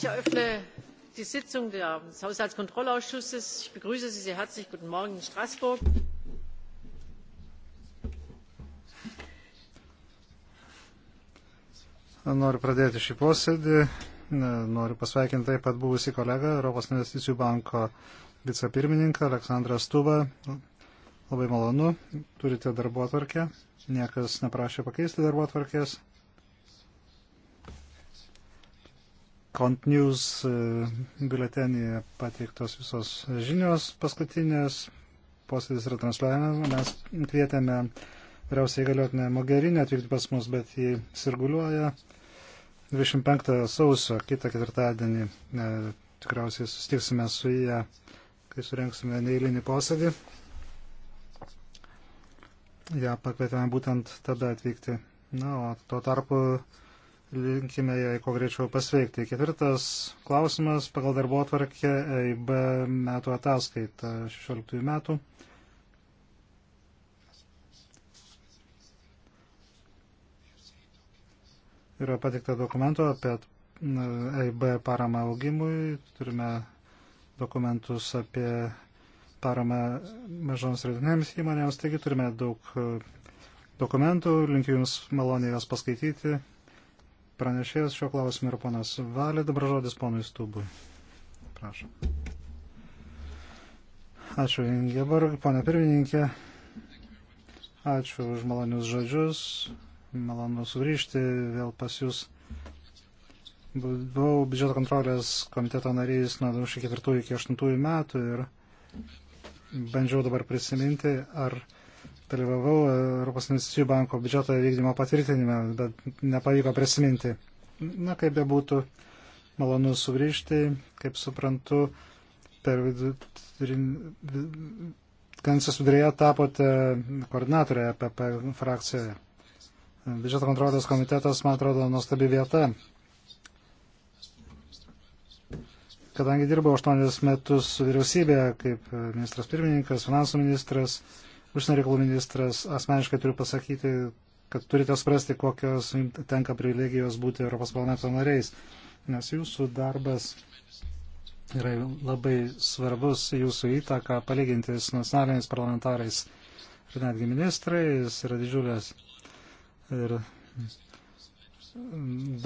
ich eröffne die sitzung des haushaltskontrollausschusses. ich begrüße sie sehr herzlich. guten morgen in straßburg! Noriu pradėti šį posėdį. Noriu pasveikinti taip pat buvusi kolega, Europos investicijų banko vicepirmininką Aleksandrą Stubą. Labai malonu, turite darbo atvarkę. Niekas neprašė pakeisti darbo atvarkės. Cont News e, biuletenyje pateiktos visos žinios paskutinės. Posėdis yra transliuojamas. Mes kvietėme vyriausiai galiotinę Mogerinę atvykti pas mus, bet jį sirguliuoja. 25 sausio, kitą ketvirtadienį, e, tikriausiai sustiksime su ją, kai surenksime neįlinį posėdį. Ja pakvietėme būtent tada atvykti. Na, o tuo tarpu linkime jai kuo greičiau pasveikti. Ketvirtas klausimas pagal darbo atvarkę EIB metų ataskaita 16 metų. Yra patikta dokumentų apie EIB paramą augimui, turime dokumentus apie paramą mažoms rytinėms įmonėms, taigi turime daug e, dokumentų, linkiu Jums maloniai juos paskaityti pranešėjas šio klausimu yra ponas Valė, dabar žodis ponui Stubui. Prašom. Ačiū Ingeborg, ponė pirmininkė. Ačiū už malonius žodžius. Malonu sugrįžti vėl pas jūs. Buvau biudžeto kontrolės komiteto narys nuo 2004 iki 2008 metų ir bandžiau dabar prisiminti, ar dalyvavau e, Europos investicijų banko biudžeto vykdymo patvirtinime, bet nepavyko prisiminti. Na, kaip bebūtų, malonu sugrįžti, kaip suprantu, per kadencijos vidurėje tapote koordinatorė APP e frakcijoje. Biudžeto kontrolės komitetas, man atrodo, nuostabi vieta. Kadangi dirbau 8 metus vyriausybėje kaip ministras pirmininkas, finansų ministras, užsienio reikalų ministras, asmeniškai turiu pasakyti, kad turite suprasti, kokios tenka privilegijos būti Europos parlamento nariais, nes jūsų darbas yra labai svarbus, jūsų įtaka palyginti su nacionaliniais parlamentarais ir netgi ministrais yra didžiulės. Ir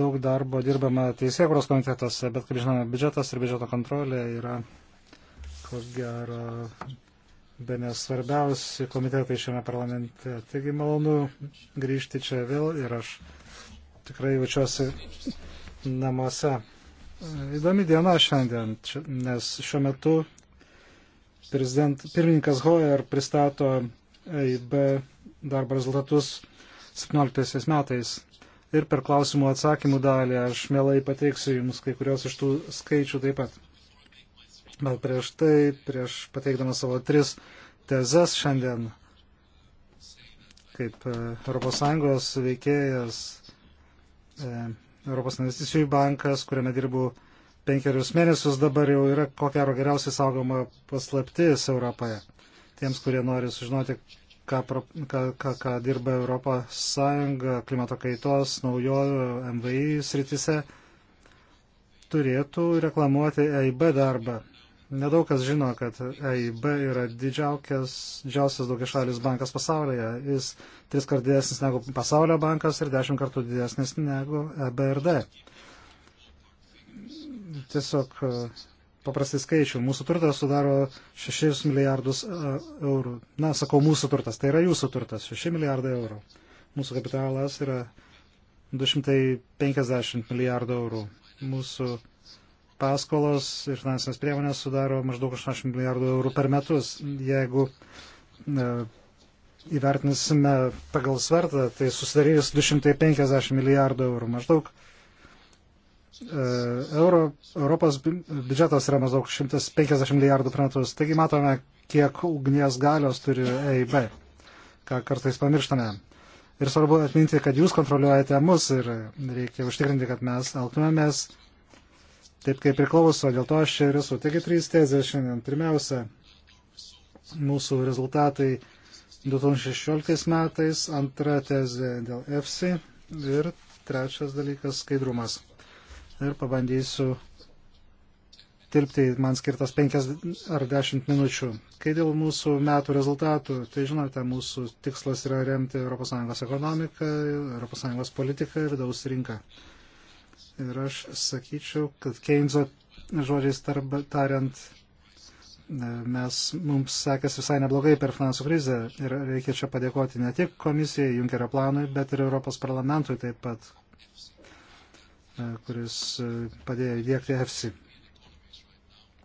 daug darbo dirbama teisėkuros komitetuose, bet kaip žinome, biudžetas ir biudžeto kontrolė yra ko gero be nesvarbiausi komitetai šiame parlamente. Taigi malonu grįžti čia vėl ir aš tikrai jaučiuosi namuose. Įdomi diena šiandien, nes šiuo metu pirmininkas Hoyer pristato EIB darbo rezultatus 17 metais. Ir per klausimų atsakymų dalį aš mielai pateiksiu Jums kai kurios iš tų skaičių taip pat. Bet prieš tai, prieš pateikdamas savo tris tezes šiandien, kaip ES veikėjas, e, Europos investicijų bankas, kuriame dirbu penkerius mėnesius, dabar jau yra ko gero geriausiai saugoma paslaptis Europoje. Tiems, kurie nori sužinoti, ką, ką, ką, ką dirba ES klimato kaitos naujojo MVI sritise, turėtų reklamuoti EIB darbą Nedaug kas žino, kad EIB yra didžiausias, didžiausias daugiašalis bankas pasaulyje. Jis tris kartų didesnis negu pasaulio bankas ir dešimt kartų didesnis negu EBRD. Tiesiog e, paprastai skaičių. Mūsų turtas sudaro 6 milijardus e, eurų. Na, sakau, mūsų turtas, tai yra jūsų turtas, 6 milijardai eurų. Mūsų kapitalas yra 250 milijardų eurų. Mūsų paskolos ir finansinės priemonės sudaro maždaug 80 milijardų eurų per metus. Jeigu e, įvertinsime pagal svertą, tai susidarys 250 milijardų eurų maždaug. E, euro, Europos biudžetas yra maždaug 150 milijardų per metus. Taigi matome, kiek ugnies galios turi EIB, ką kartais pamirštame. Ir svarbu atminti, kad jūs kontroliuojate mus ir reikia užtikrinti, kad mes elgtumėmės taip kaip priklauso. Dėl to aš ir esu. Taigi trys tezės šiandien. Pirmiausia, mūsų rezultatai 2016 metais, antra tezė dėl EFSI ir trečias dalykas skaidrumas. Ir pabandysiu tilpti man skirtas 5 ar 10 minučių. Kai dėl mūsų metų rezultatų, tai žinote, mūsų tikslas yra remti ES ekonomiką, ES politiką ir vidaus rinką. Ir aš sakyčiau, kad Keynes'o žodžiais tarp, tariant, e, mes, mums sekės visai neblogai per finansų krizę ir reikia čia padėkoti ne tik komisijai, Junkerio planui, bet ir Europos parlamentui taip pat, e, kuris e, padėjo įdėkti EFSI.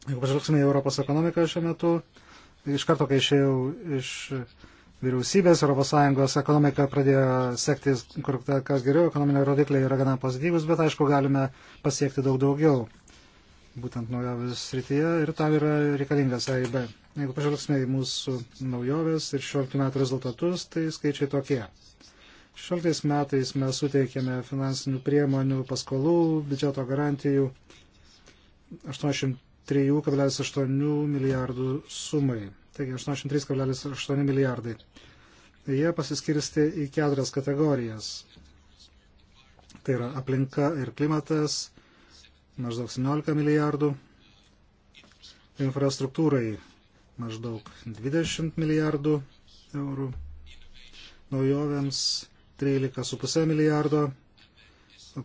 Jeigu pažvelgsime į Europos ekonomiką šiuo metu, iš karto, kai išėjau iš vyriausybės, ES ekonomika pradėjo sektis kur kas geriau, ekonominiai rodikliai yra gana pozityvus, bet aišku, galime pasiekti daug daugiau, būtent naujovės srityje ir tam yra reikalingas AIB. Jeigu pažvelgsime į mūsų naujoves ir 16 metų rezultatus, tai skaičiai tokie. 16 metais mes suteikėme finansinių priemonių, paskolų, biudžeto garantijų 83,8 milijardų sumai taigi 83,8 milijardai. Jie pasiskirsti į keturias kategorijas. Tai yra aplinka ir klimatas, maždaug 17 milijardų, infrastruktūrai maždaug 20 milijardų eurų, naujovėms 13,5 milijardo,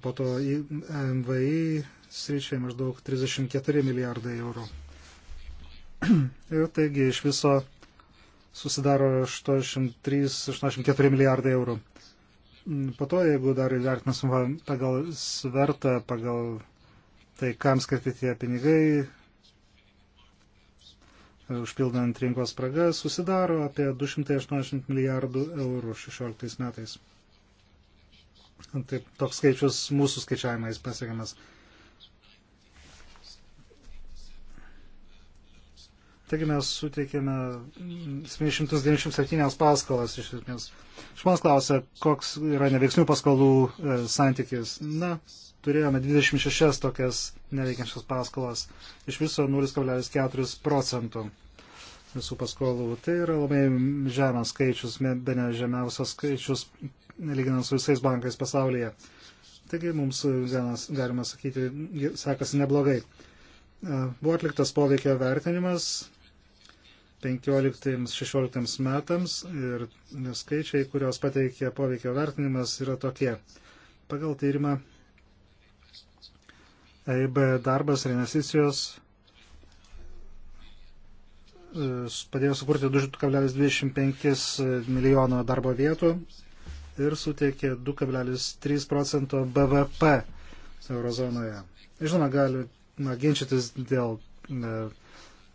po to MVI sričiai maždaug 34 milijardai eurų. Ir taigi iš viso susidaro 83-84 milijardai eurų. Mm, po to, jeigu dar įvertinsim pagal svertą, pagal tai, kam skirti tie pinigai, užpildant rinkos spragas, susidaro apie 280 milijardų eurų 16 metais. Taip, toks skaičius mūsų skaičiavimais pasiekiamas. Taigi mes suteikėme 797 mm, paskolas iš esmės. Žmonės klausia, koks yra neveiksnių paskolų e, santykis. Na, turėjome 26 tokias neveikiančias paskolas, iš viso 0,4 procentų visų paskolų. Tai yra labai žemas skaičius, be ne žemiausias skaičius, lyginant su visais bankais pasaulyje. Taigi mums, ganas, e, galima sakyti, sekasi neblogai. E, buvo atliktas poveikio vertinimas, 15-16 metams ir skaičiai, kurios pateikė poveikio vertinimas, yra tokie. Pagal tyrimą EIB darbas ir investicijos e, padėjo sukurti 2,25 milijono darbo vietų ir suteikė 2,3 procento BVP eurozonoje. Žinoma, galima ginčytis dėl e,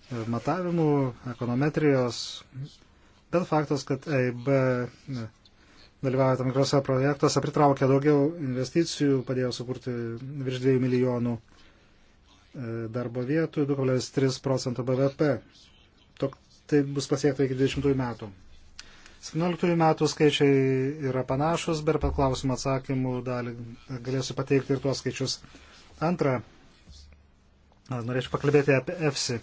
matavimų, ekonometrijos, bet faktas, kad EIB dalyvauja tam tikrose projektuose, pritraukė daugiau investicijų, padėjo sukurti virš 2 milijonų e, darbo vietų, 2,3 procento BVP. Tok, tai bus pasiekta iki 20 metų. 17 metų skaičiai yra panašus, bet paklausimą atsakymų dalį galėsiu pateikti ir tuos skaičius. Antra, norėčiau pakalbėti apie EFSI.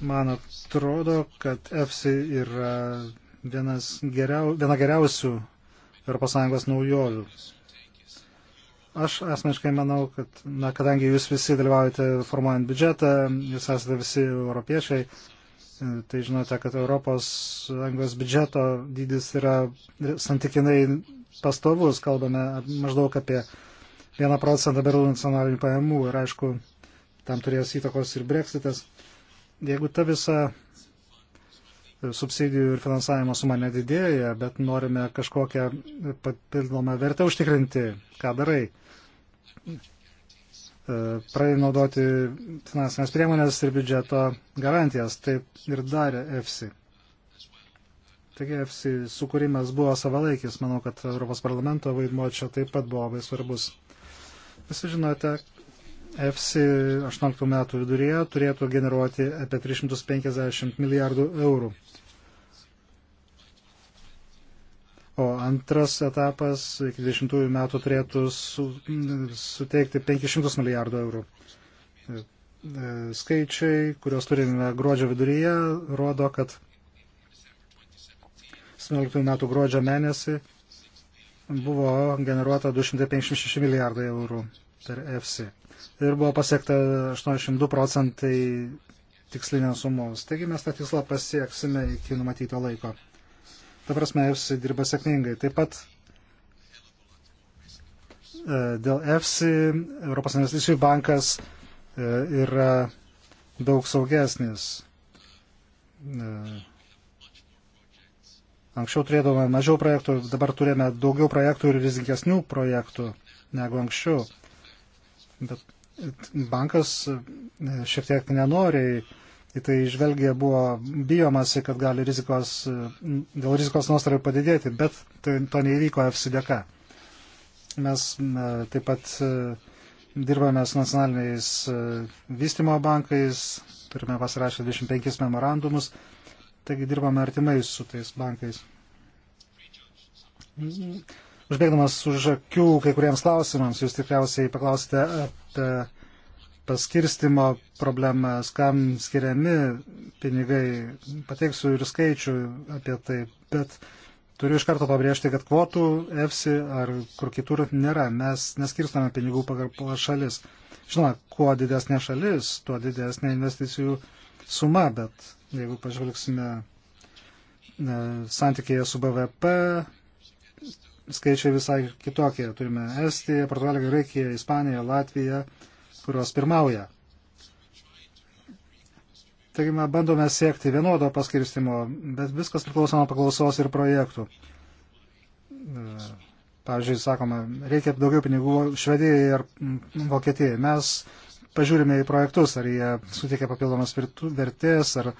Man atrodo, kad EFSI yra vienas geriau, viena geriausių ES naujovių. Aš asmeniškai manau, kad, na, kadangi jūs visi dalyvaujate formuojant biudžetą, jūs esate visi europiečiai, tai žinote, kad ES biudžeto dydis yra santykinai pastovus, kalbame maždaug apie 1 procentą berlų nacionalinių pajamų ir aišku, tam turės įtakos ir breksitas. Jeigu ta visa subsidijų ir finansavimo suma nedidėja, bet norime kažkokią papildomą vertę užtikrinti, ką darai. E, Pradėjai naudoti finansinės priemonės ir biudžeto garantijas, taip ir darė EFSI. Taigi EFSI sukūrimas buvo savalaikis, manau, kad Europos parlamento vaidmuo čia taip pat buvo labai svarbus. Visi žinote, EFSI 18 metų viduryje turėtų generuoti apie 350 milijardų eurų. O antras etapas iki 20 metų turėtų su, suteikti 500 milijardų eurų. E, e, skaičiai, kuriuos turime gruodžio viduryje, rodo, kad 17 metų gruodžio mėnesį buvo generuota 256 milijardai eurų per EFSI ir buvo pasiekta 82 procentai tikslinės sumos. Taigi mes tą tikslą pasieksime iki numatyto laiko. Ta prasme, EFSI dirba sėkmingai. Taip pat e, dėl EFSI Europos investicijų bankas e, yra daug saugesnis. E, anksčiau turėdavome mažiau projektų, dabar turime daugiau projektų ir rizikingesnių projektų negu anksčiau. Bet bankas šiek tiek nenoriai į tai žvelgia buvo bijomasi, kad gali rizikos, dėl rizikos nuostolių padidėti, bet tai, to neįvyko FC dėka. Mes e, taip pat e, dirbame su nacionaliniais e, vystimo bankais, turime pasirašę 25 memorandumus, taigi dirbame artimai su tais bankais. Užbėgdamas už akių kai kuriems klausimams, jūs tikriausiai paklausite apie paskirstimo problemas, kam skiriami pinigai. Pateiksiu ir skaičių apie tai, bet turiu iš karto pabrėžti, kad kvotų EFSI ar kur kitur nėra. Mes neskirstame pinigų pagal šalis. Žinoma, kuo didesnė šalis, tuo didesnė investicijų suma, bet jeigu pažvelgsime e, santykėje su BVP, skaičiai visai kitokie. Turime Estiją, Portugaliją, Graikiją, Ispaniją, Latviją, kurios pirmauja. Taigi mes bandome siekti vienodo paskirstimo, bet viskas priklauso nuo paklausos ir projektų. E, pavyzdžiui, sakoma, reikia daugiau pinigų Švedijai ar mm, Vokietijai. Mes pažiūrime į projektus, ar jie suteikia papildomas vertės, ar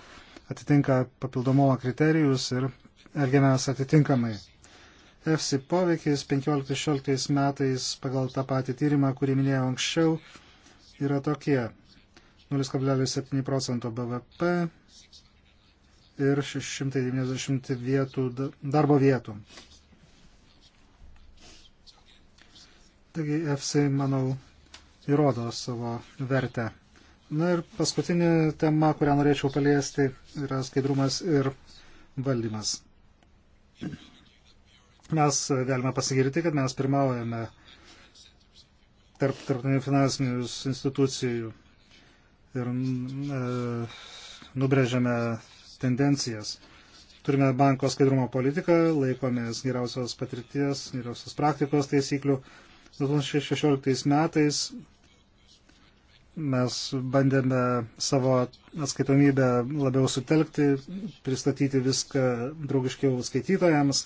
atitinka papildomumo kriterijus ir elgiamės atitinkamai. EFSI poveikis 15-16 metais pagal tą patį tyrimą, kurį minėjau anksčiau, yra tokie 0,7 procento BVP ir 690 vietų, darbo vietų. Taigi EFSI, manau, įrodo savo vertę. Na ir paskutinė tema, kurią norėčiau paliesti, yra skaidrumas ir valdymas. Mes galime pasigirti, kad mes pirmaujame tarp tarptautinių finansinių institucijų ir e, nubrėžiame tendencijas. Turime banko skaidrumo politiką, laikomės geriausios patirties, geriausios praktikos taisyklių. 2016 metais mes bandėme savo atskaitomybę labiau sutelkti, pristatyti viską draugiškiau skaitytojams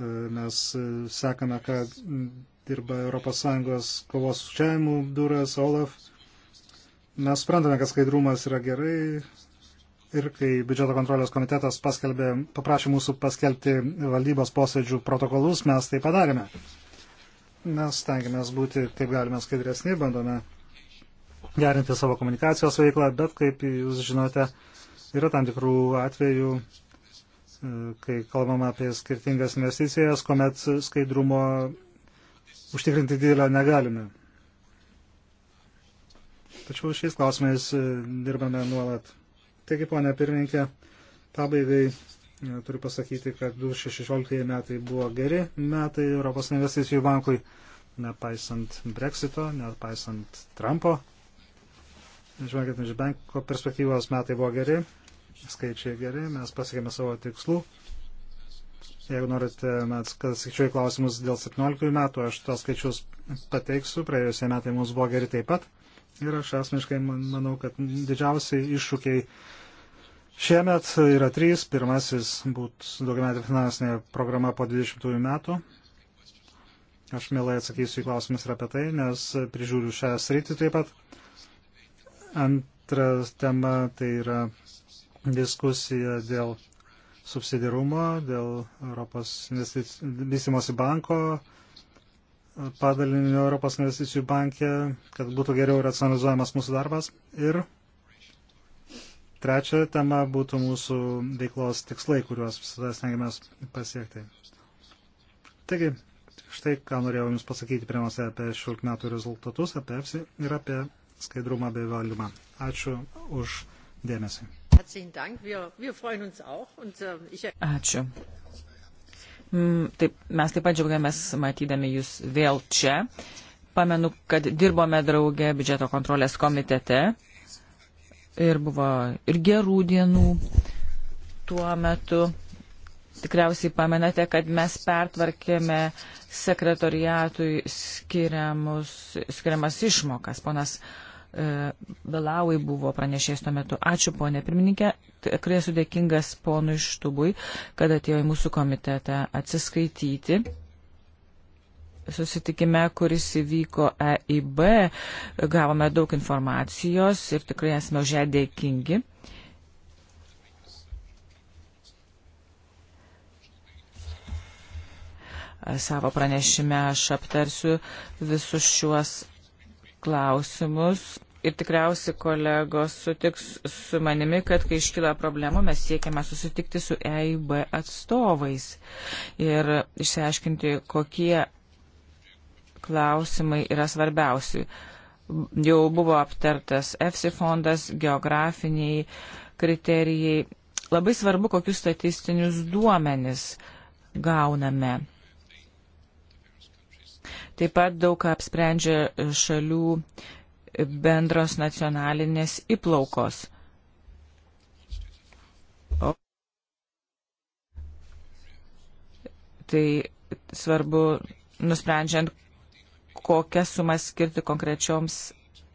E, mes e, sekame, ką dirba ES kovos užčiavimų biuras, OLAF. Mes suprantame, kad skaidrumas yra gerai. Ir kai biudžeto kontrolės komitetas paskelbė, paprašė mūsų paskelbti valdybos posėdžių protokolus, mes tai padarėme. Mes tengiamės būti, kaip galime, skaidresni, bandome gerinti savo komunikacijos veiklą, bet kaip jūs žinote, yra tam tikrų atvejų, kai kalbam apie skirtingas investicijas, kuomet skaidrumo užtikrinti didelio negalime. Tačiau šiais klausimais e, dirbame nuolat. Taigi, ponia pirmininkė, pabaigai e, turiu pasakyti, kad 2016 metai buvo geri metai Europos investicijų bankui, nepaisant Brexito, nepaisant Trumpo. Žvelgiant iš banko perspektyvos, metai buvo geri skaičiai geri, mes pasiekėme savo tikslų. Jeigu norite, atsakyčiau į klausimus dėl 17 metų, aš tos skaičius pateiksiu, praėjusie metai mums buvo geri taip pat. Ir aš asmeniškai manau, kad didžiausiai iššūkiai šiemet yra trys. Pirmasis būtų daugiametė finansinė programa po 20 metų. Aš mielai atsakysiu į klausimus ir apie tai, nes prižiūriu šią sritį taip pat. Antras tema tai yra diskusija dėl subsidirumo, dėl Europos vystimosi banko padalinio Europos investicijų bankė, kad būtų geriau racionalizuojamas mūsų darbas. Ir trečia tema būtų mūsų veiklos tikslai, kuriuos visada stengiamės pasiekti. Taigi, štai ką norėjau Jums pasakyti pirmiausia apie šių metų rezultatus, apie EPSI ir apie skaidrumą bei valdymą. Ačiū už dėmesį. Äh, er- Ačiū. Mm, taip, mes taip pat džiaugiamės matydami jūs vėl čia. Pamenu, kad dirbome draugė biudžeto kontrolės komitete ir buvo ir gerų dienų tuo metu. Tikriausiai pamenate, kad mes pertvarkėme sekretoriatui skiriamus, skiriamas išmokas. Ponas uh, E, Belauai buvo pranešėjęs tuo metu. Ačiū, ponė pirmininkė. Tikrai esu dėkingas ponui Štubui, kad atėjo į mūsų komitetą atsiskaityti. Susitikime, kuris įvyko EIB, gavome daug informacijos ir tikrai esame už ją dėkingi. Savo pranešime aš aptarsiu visus šiuos klausimus ir tikriausiai kolegos sutiks su manimi, kad kai iškyla problemų, mes siekiame susitikti su EIB atstovais ir išsiaiškinti, kokie klausimai yra svarbiausi. Jau buvo aptartas EFSI fondas, geografiniai kriterijai. Labai svarbu, kokius statistinius duomenis gauname. Taip pat daug ką apsprendžia šalių bendros nacionalinės įplaukos. O tai svarbu nusprendžiant, kokias sumas skirti konkrečioms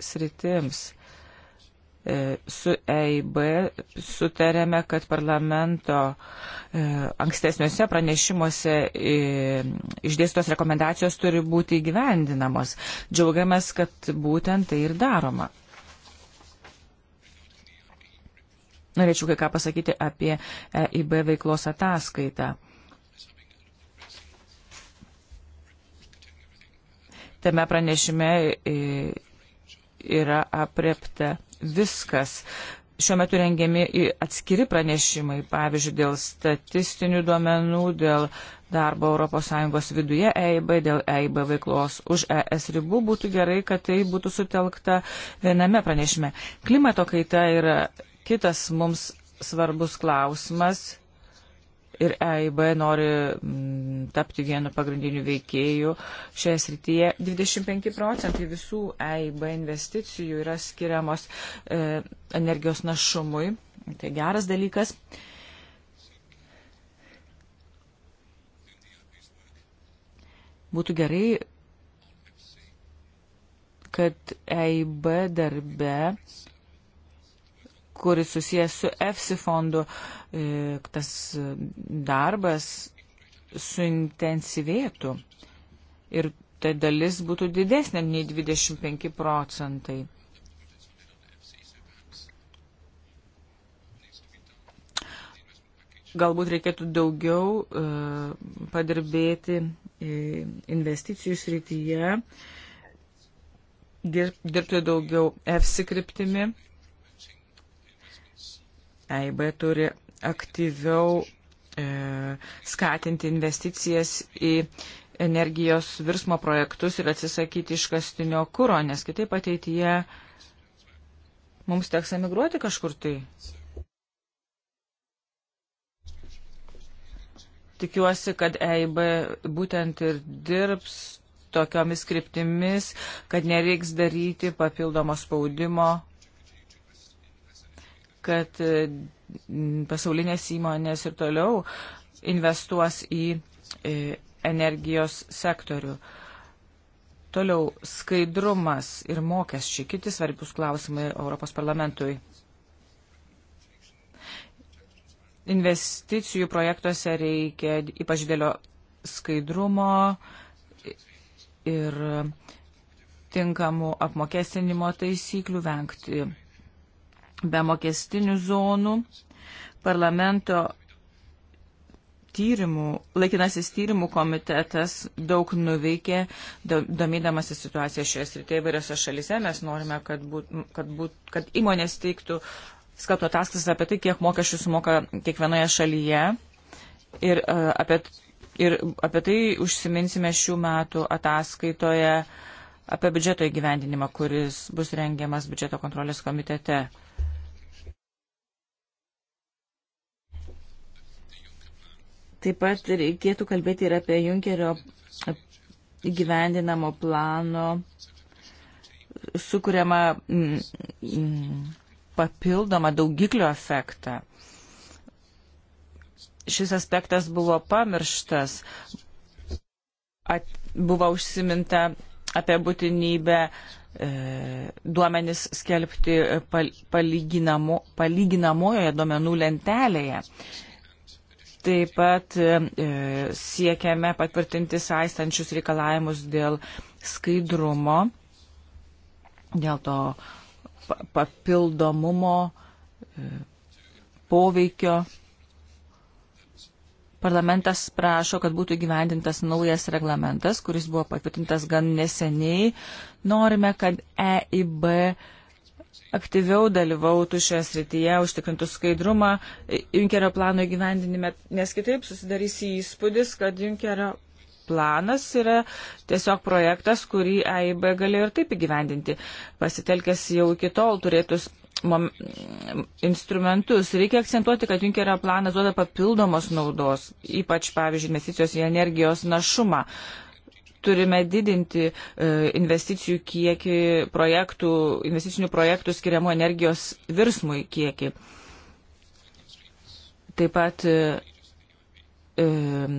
sritims. E, su EIB sutarėme, kad parlamento e, ankstesniuose pranešimuose e, išdėstos rekomendacijos turi būti įgyvendinamos. Džiaugiamės, kad būtent tai ir daroma. Norėčiau kai ką pasakyti apie EIB veiklos ataskaitą. Tame pranešime yra apriepta viskas. Šiuo metu rengiami atskiri pranešimai, pavyzdžiui, dėl statistinių duomenų, dėl darbo ES viduje EIB, dėl EIB veiklos už ES ribų. Būtų gerai, kad tai būtų sutelkta viename pranešime. Klimato kaita yra kitas mums svarbus klausimas ir EIB nori mm, tapti vienu pagrindiniu veikėju šioje srityje. 25 procentai visų EIB investicijų yra skiriamos e, energijos našumui. Tai geras dalykas. Būtų gerai, kad EIB darbe kuris susijęs su EFSI fondu, e, tas darbas suintensyvėtų ir ta dalis būtų didesnė nei 25 procentai. Galbūt reikėtų daugiau uh, padirbėti e, investicijų srityje, dirbti daugiau EFSI kryptimi EIB turi aktyviau e, skatinti investicijas į energijos virsmo projektus ir atsisakyti iškastinio kūro, nes kitaip ateityje mums teks emigruoti kažkur tai. Tikiuosi, kad EIB būtent ir dirbs tokiomis kryptimis, kad nereiks daryti papildomo spaudimo kad mm, pasaulinės įmonės ir toliau investuos į e, energijos sektorių. Toliau skaidrumas ir mokesčiai, kiti svarbus klausimai Europos parlamentui. Investicijų projektuose reikia ypač dėlio skaidrumo ir tinkamų apmokestinimo taisyklių vengti be mokestinių zonų. Parlamento tyrimų, laikinasis tyrimų komitetas daug nuveikė, domydamasi situaciją šioje srityje įvairiose šalise. Mes norime, kad, būt, kad, būt, kad įmonės teiktų skato ataskaitas apie tai, kiek mokesčių sumoka kiekvienoje šalyje. Ir, uh, apie, ir apie tai užsiminsime šių metų ataskaitoje apie biudžeto įgyvendinimą, kuris bus rengiamas biudžeto kontrolės komitete. Uh, Taip pat reikėtų kalbėti ir apie Junkerio gyvendinamo plano sukuriamą mm, mm, papildomą daugiklio efektą. Šis aspektas buvo pamirštas. At, buvo užsiminta apie būtinybę e, duomenis skelbti pal, palyginamo, palyginamojoje duomenų lentelėje. E, Taip pat e, e, siekiame patvirtinti saistančius reikalavimus dėl skaidrumo, dėl to papildomumo, e, poveikio. Parlamentas prašo, kad būtų gyvendintas naujas reglamentas, kuris buvo patvirtintas gan neseniai. Norime, kad EIB aktyviau dalyvautų šioje srityje, užtikrintų skaidrumą Junkerio plano įgyvendinime, nes kitaip susidarys įspūdis, kad Junkerio planas yra tiesiog projektas, kurį AIB galėjo ir taip įgyvendinti, pasitelkęs jau iki tol turėtus instrumentus. Reikia akcentuoti, kad Junkerio planas duoda papildomos naudos, ypač, pavyzdžiui, investicijos į energijos našumą turime didinti e, investicijų kiekį, projektų, investicinių projektų skiriamų energijos virsmui kiekį. Taip pat e, e,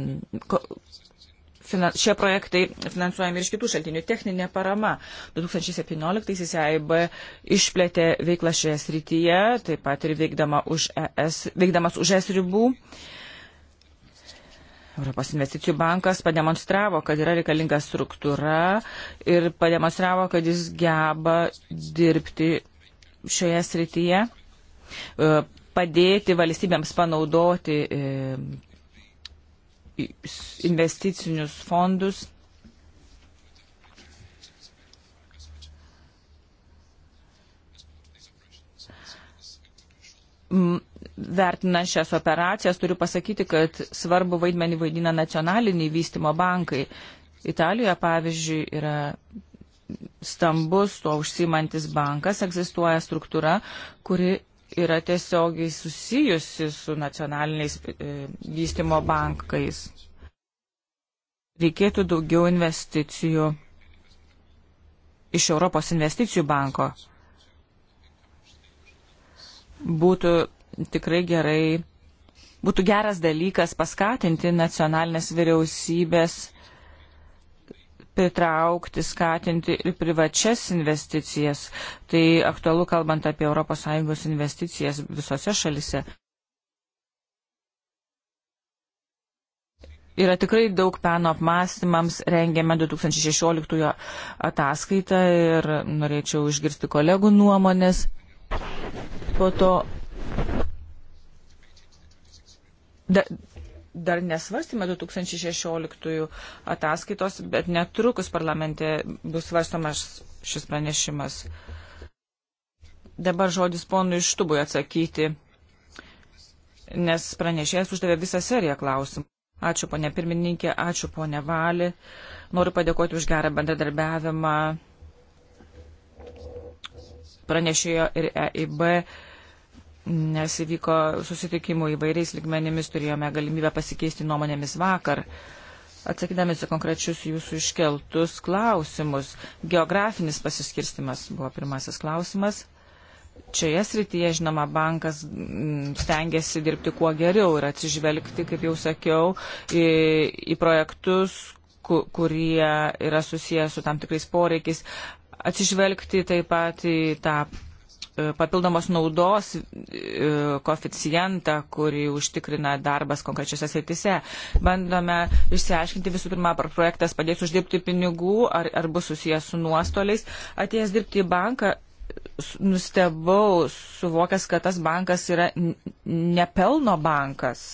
šie projektai finansuojami ir iš kitų šaltinių. Techninė parama. 2017-aisiais EIB išplėtė veiklą šioje srityje, taip pat ir veikdama už ES, veikdamas už ES ribų. Uh, Europos investicijų bankas pademonstravo, kad yra reikalinga struktūra ir pademonstravo, kad jis geba dirbti šioje srityje, e, padėti valstybėms panaudoti e, investicinius fondus. Mm vertina šias operacijas, turiu pasakyti, kad svarbu vaidmenį vaidina nacionaliniai vystimo bankai. Italijoje, pavyzdžiui, yra stambus to užsimantis bankas, egzistuoja struktūra, kuri yra tiesiogiai susijusi su nacionaliniais e, vystimo bankais. Reikėtų daugiau investicijų iš Europos investicijų banko. Būtų tikrai gerai, būtų geras dalykas paskatinti nacionalinės vyriausybės pritraukti, skatinti ir privačias investicijas. Tai aktualu kalbant apie ES investicijas visose šalise. Yra tikrai daug peno apmąstymams, rengėme 2016 ataskaitą ir norėčiau išgirsti kolegų nuomonės. Po to da, dar nesvarstėme 2016 ataskaitos, bet netrukus parlamente bus svarstomas šis pranešimas. Dabar žodis ponui Štubui atsakyti, nes pranešėjas uždavė visą seriją klausimų. Ačiū ponė pirmininkė, ačiū ponė Vali. Noriu padėkoti už gerą bendradarbiavimą pranešėjo ir EIB nes įvyko susitikimų įvairiais ligmenimis, turėjome galimybę pasikeisti nuomonėmis vakar. Atsakydamėsi konkrečius jūsų iškeltus klausimus, geografinis pasiskirstimas buvo pirmasis klausimas. Čioje srityje, žinoma, bankas mm, stengiasi dirbti kuo geriau ir atsižvelgti, kaip jau sakiau, į, į projektus, kurie yra susijęs su tam tikrais poreikiais, atsižvelgti taip pat į tą E, papildomos naudos e, koficijantą, kurį užtikrina darbas konkrečiose srityse. Bandome išsiaiškinti visų pirma, ar projektas padės uždirbti pinigų, ar, ar bus susijęs su nuostoliais. Atėjęs dirbti į banką, nustebau, suvokęs, kad tas bankas yra nepelno bankas.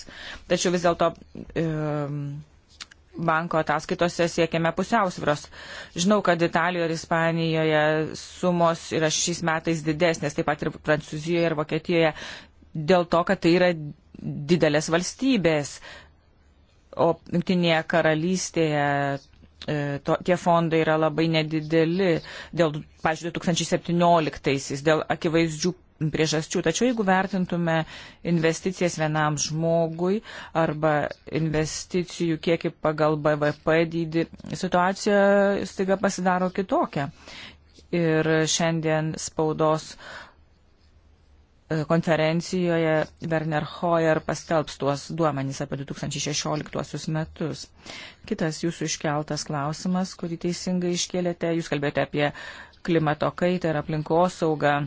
Tačiau vis dėlto. E, banko ataskaitose siekiame pusiausvros. Žinau, kad Italijoje ir Ispanijoje sumos yra šiais metais didesnės, taip pat ir Prancūzijoje ir Vokietijoje, dėl to, kad tai yra didelės valstybės. O Junktinėje karalystėje e, to, tie fondai yra labai nedideli, dėl, pažiūrėjau, 2017-aisiais, dėl akivaizdžių priežasčių. Tačiau jeigu vertintume investicijas vienam žmogui arba investicijų kiekį pagal BVP dydį, situacija staiga pasidaro kitokia. Ir šiandien spaudos e, konferencijoje Werner Hoyer paskelbs tuos duomenys apie 2016 metus. Kitas jūsų iškeltas klausimas, kurį teisingai iškėlėte, jūs kalbėjote apie klimato kaitą ir aplinkosaugą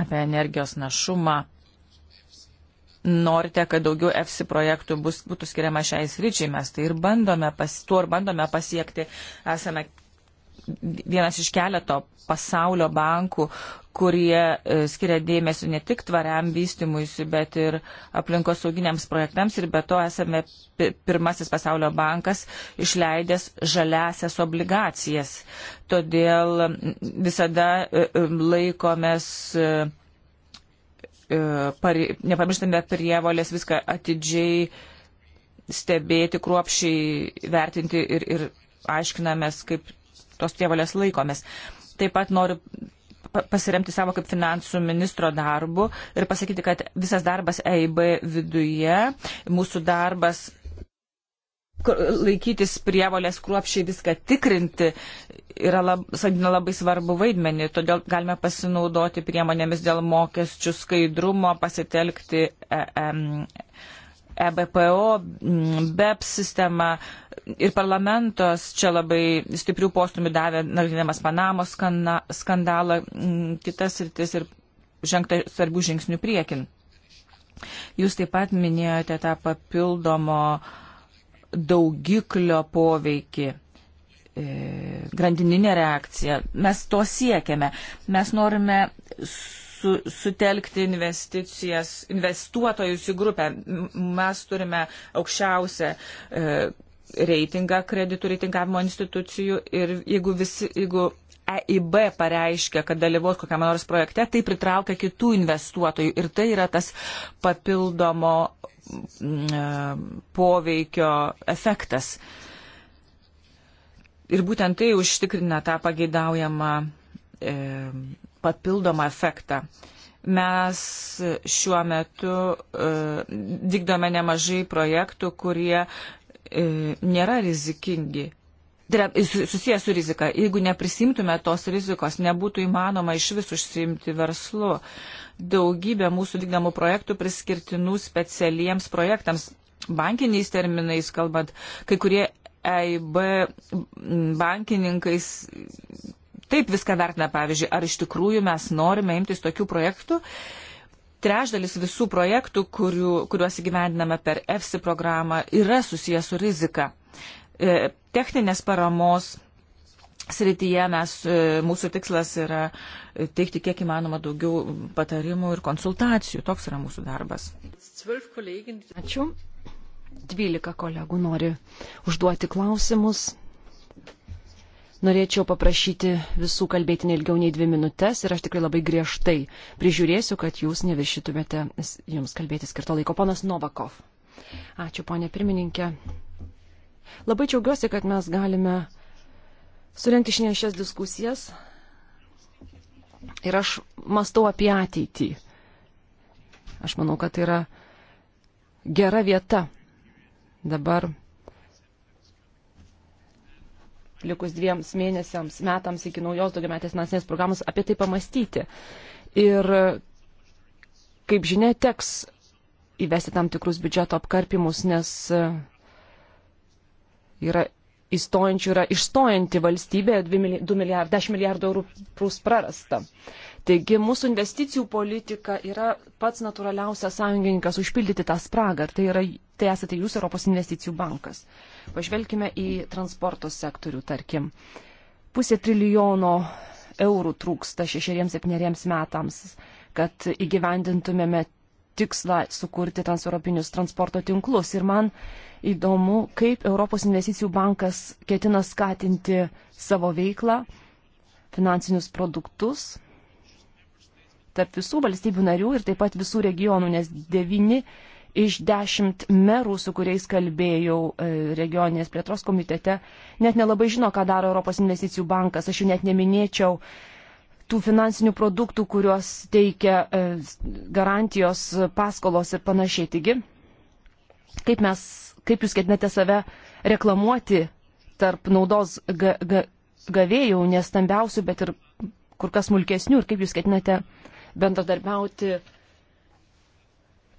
apie energijos našumą. Norite, kad daugiau EFSI projektų bus, būtų skiriama šiai sričiai, mes tai ir bandome, pas, tuo ir bandome pasiekti. Esame vienas iš keleto pasaulio bankų, kurie e, skiria dėmesį ne tik tvariam vystimuisi, bet ir aplinkosauginiams projektams. Ir be to esame pirmasis pasaulio bankas išleidęs žaliasias obligacijas. Todėl visada e, e, laikomės. Pari, nepamirštame prievolės viską atidžiai stebėti, kruopšiai vertinti ir, ir aiškinamės, kaip tos prievalės laikomės. Taip pat noriu pasiremti savo kaip finansų ministro darbu ir pasakyti, kad visas darbas EIB viduje, mūsų darbas laikytis prievolės kruopšiai viską tikrinti yra lab, sadina labai svarbu vaidmenį, todėl galime pasinaudoti priemonėmis dėl mokesčių skaidrumo, pasitelkti e, e, EBPO, mm, BEP sistema ir parlamentos čia labai stiprių postumių davė, nagrinėdamas Panamos skandalą, mm, kitas rytis ir žengta svarbių žingsnių priekin. Jūs taip pat minėjote tą papildomo daugiklio poveikį, e, grandininę reakciją. Mes to siekiame. Mes norime su, sutelkti investicijas, investuotojus į grupę. Mes turime aukščiausią e, reitingą kreditų reitingavimo institucijų ir jeigu, visi, jeigu EIB pareiškia, kad dalyvaus kokiam nors projekte, tai pritraukia kitų investuotojų ir tai yra tas papildomo e, poveikio efektas. Ir būtent tai užtikrina tą pageidaujamą e, papildomą efektą. Mes šiuo metu e, vykdome e, nemažai projektų, kurie e, nėra rizikingi. Tai yra susijęs su rizika. Jeigu neprisimtume tos rizikos, nebūtų įmanoma iš vis užsiimti verslu. Daugybė mūsų vykdomų projektų priskirtinų specialiems projektams. Bankiniais terminais kalbant, kai kurie EIB bankininkais kitaip viską vertina, pavyzdžiui, ar iš tikrųjų mes norime imtis tokių projektų. Trešdalis visų projektų, kurių, kuriuos įgyvendiname per EFSI programą, yra susijęs su rizika. E, techninės paramos srityje mes, e, mūsų tikslas yra teikti kiek įmanoma daugiau patarimų ir konsultacijų. Toks yra mūsų darbas. Ačiū. 12 kolegų nori užduoti klausimus. Norėčiau paprašyti visų kalbėti neilgiau nei dvi minutės ir aš tikrai labai griežtai prižiūrėsiu, kad jūs neviršytumėte jums kalbėti skirto laiko. Ponas Novakov. Ačiū, ponė pirmininkė. Labai džiaugiuosi, kad mes galime surenkti šiandien šias diskusijas ir aš mastau apie ateitį. Aš manau, kad tai yra gera vieta dabar likus dviems mėnesiams, metams iki naujos daugiametės finansinės programos apie tai pamastyti. Ir kaip žinia, teks įvesti tam tikrus biudžeto apkarpimus, nes e, yra įstojančių, yra išstojanti valstybė, 2 milijard, 10 milijardų eurų prus prarasta. Taigi mūsų investicijų politika yra pats natūraliausias sąjungininkas užpildyti tą spragą. Tai, yra, tai esate jūs Europos investicijų bankas. Pažvelkime į transporto sektorių, tarkim. Pusė trilijono eurų trūksta šešeriems, septyneriems metams, kad įgyvendintumėme tikslą sukurti transeuropinius transporto tinklus. Ir man įdomu, kaip Europos investicijų bankas ketina skatinti savo veiklą, finansinius produktus tarp visų valstybių narių ir taip pat visų regionų, nes devini iš dešimt merų, su kuriais kalbėjau e, regioninės plėtros komitete, net nelabai žino, ką daro Europos investicijų bankas. Aš jų net neminėčiau tų finansinių produktų, kuriuos teikia e, garantijos, paskolos ir panašiai. Taigi, kaip, mes, kaip jūs ketinate save reklamuoti tarp naudos ga, ga, gavėjų, nestambiausių, bet ir kur kas smulkesnių ir kaip jūs ketinate uh, bendradarbiauti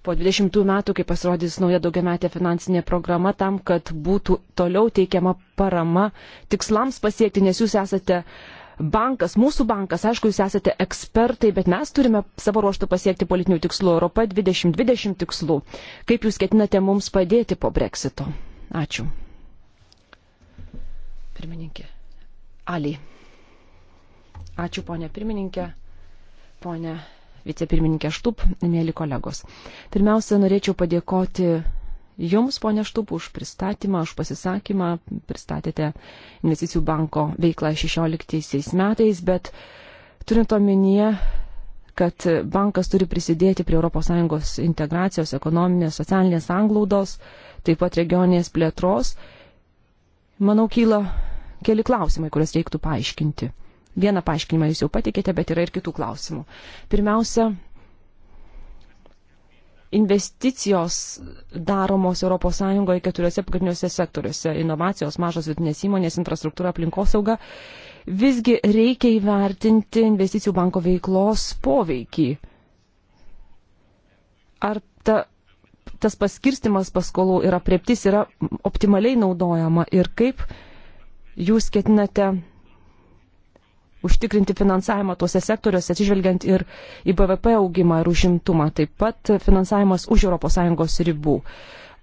po 20 metų, kai pasirodys nauja daugiametė finansinė programa, tam, kad būtų toliau teikiama parama tikslams pasiekti, nes jūs esate bankas, mūsų bankas, aišku, jūs esate ekspertai, bet mes turime savo ruoštų pasiekti politinių tikslų Europa 2020 tikslų. Kaip jūs ketinate mums padėti po breksito? Ačiū. Pirmininkė. Ali. Ačiū, ponė pirmininkė ponė vicepirmininkė Štup, mėly kolegos. Pirmiausia, norėčiau padėkoti Jums, ponė Štup, už pristatymą, už pasisakymą. Pristatėte investicijų banko veiklą 16 metais, bet turint omenyje, kad bankas turi prisidėti prie ES integracijos, ekonominės, socialinės anglaudos, taip pat regioninės plėtros, manau, kyla keli klausimai, kuriuos reiktų paaiškinti. Vieną paaiškinimą jūs jau patikėte, bet yra ir kitų klausimų. Pirmiausia, investicijos daromos ES keturiuose pagrindiniuose sektoriuose - inovacijos, mažos vidinės įmonės, infrastruktūra, aplinkosauga. Visgi reikia įvertinti investicijų banko veiklos poveikį. Ar ta tas paskirstimas paskolų ir apreptis yra optimaliai naudojama ir kaip jūs ketinate užtikrinti finansavimą tuose sektoriuose, atsižvelgiant ir į BVP augimą ir užimtumą, taip pat finansavimas už ES ribų.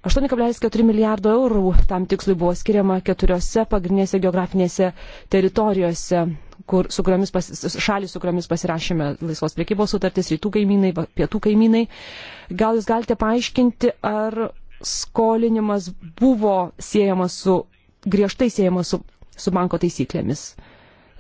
8,4 milijardo eurų tam tikslui buvo skiriama keturiose pagrindinėse geografinėse teritorijose, kur, su kuriomis pas, šalis, su kuriomis pasirašėme laisvos priekybos sutartis, rytų kaimynai, pietų kaimynai. Gal jūs galite paaiškinti, ar skolinimas buvo siejamas su, griežtai siejamas su, su banko taisyklėmis?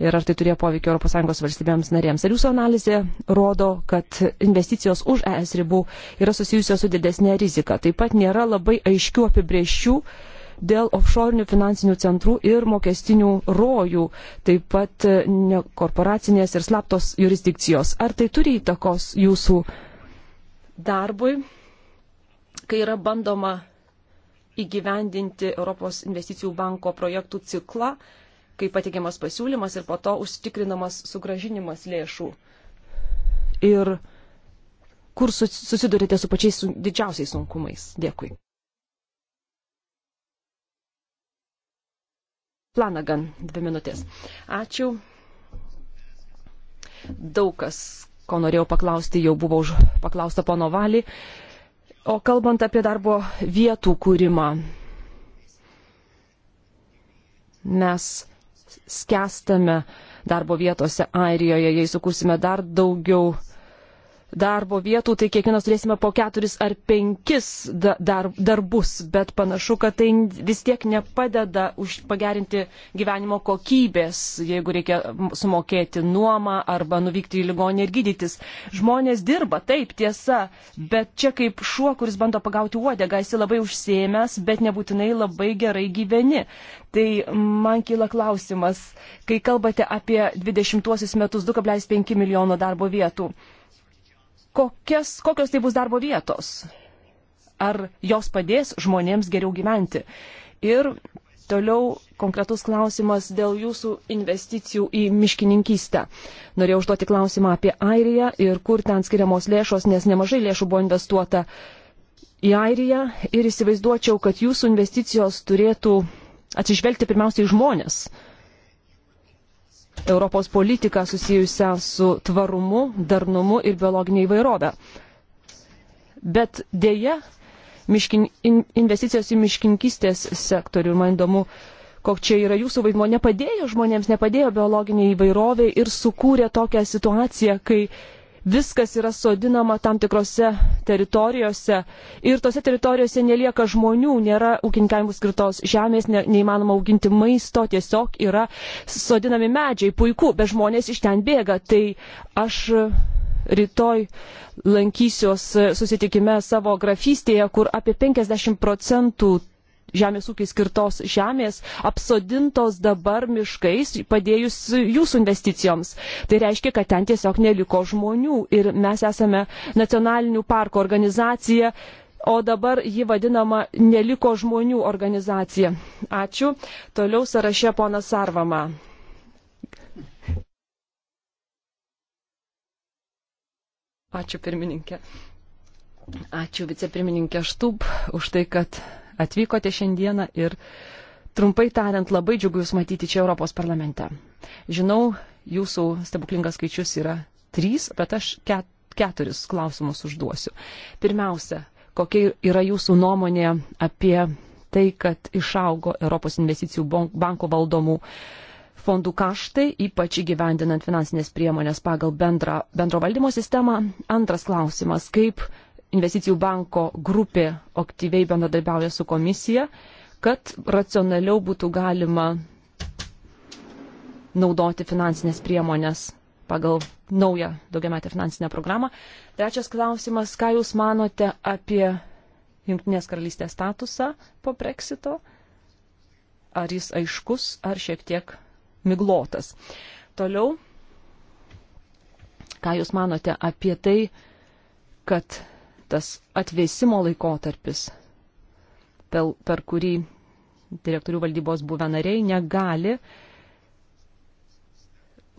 ir ar tai turėjo poveikio ES valstybėms narėms. Ar jūsų analizė rodo, kad investicijos už ES ribų yra susijusios su didesnė rizika? Taip pat nėra labai aiškių apibrėžčių dėl offshore finansinių centrų ir mokestinių rojų, taip pat e, korporacinės ir slaptos jurisdikcijos. Ar tai turi įtakos jūsų darbui, kai yra bandoma įgyvendinti Europos investicijų banko projektų ciklą? kai patikiamas pasiūlymas ir po to užtikrinamas sugražinimas lėšų. Ir kur susidurite su pačiais didžiausiais sunkumais? Dėkui. Planagan, dvi minutės. Ačiū. Daug kas, ko norėjau paklausti, jau buvo už, paklausta pono Valį. O kalbant apie darbo vietų kūrimą, mes skęstame darbo vietose Airijoje, jei sukursime dar daugiau darbo vietų, tai kiekvienas turėsime po keturis ar penkis dar, darbus, bet panašu, kad tai vis tiek nepadeda už pagerinti gyvenimo kokybės, jeigu reikia sumokėti nuomą arba nuvykti į ligonį ir gydytis. Žmonės dirba, taip tiesa, bet čia kaip šuo, kuris bando pagauti uodegą, esi labai užsėmęs, bet nebūtinai labai gerai gyveni. Tai man kyla klausimas, kai kalbate apie 20 metus 2,5 milijono darbo vietų kokias, kokios tai bus darbo vietos, ar jos padės žmonėms geriau gyventi. Ir toliau konkretus klausimas dėl jūsų investicijų į miškininkystę. Norėjau užduoti klausimą apie Airiją ir kur ten skiriamos lėšos, nes nemažai lėšų buvo investuota į Airiją ir įsivaizduočiau, kad jūsų investicijos turėtų atsižvelgti pirmiausiai žmonės. Europos politiką susijusią su tvarumu, darnumu ir biologinė įvairovė. Bet dėja, miškin, in, investicijos į miškinkistės sektorių, man įdomu, koks čia yra jūsų vaidmo, nepadėjo žmonėms, nepadėjo biologiniai įvairoviai ir sukūrė tokią situaciją, kai viskas yra sodinama tam tikrose teritorijose ir tose teritorijose nelieka žmonių, nėra ūkininkavimui skirtos žemės, ne, neįmanoma auginti maisto, tiesiog yra sodinami medžiai, puiku, bet žmonės iš ten bėga. Tai aš rytoj lankysiuos susitikime savo grafystėje, kur apie 50 procentų žemės ūkiai skirtos žemės apsodintos dabar miškais, padėjus jūsų investicijoms. Tai reiškia, kad ten tiesiog neliko žmonių ir mes esame nacionalinių parkų organizacija. O dabar ji vadinama neliko žmonių organizacija. Ačiū. Toliau sąraše ponas Sarvama. Ačiū pirmininkė. Ačiū vicepirmininkė Štub už tai, kad atvykote šiandieną ir trumpai tariant labai džiugu Jūs matyti čia Europos parlamente. Žinau, Jūsų stebuklingas skaičius yra trys, bet aš keturis klausimus užduosiu. Pirmiausia, kokia yra Jūsų nuomonė apie tai, kad išaugo Europos investicijų banko valdomų fondų kaštai, ypač įgyvendinant finansinės priemonės pagal bendra, bendro valdymo sistemą. Antras klausimas, kaip investicijų banko grupė aktyviai bendradarbiauja su komisija, kad racionaliau būtų galima naudoti finansinės priemonės pagal naują daugiametę finansinę programą. Trečias klausimas, ką Jūs manote apie Junktinės karalystės statusą po Brexito? Ar jis aiškus, ar šiek tiek miglotas? Toliau, ką Jūs manote apie tai, kad tas atvėsimo laikotarpis, per, per kurį direktorių valdybos buvę nariai negali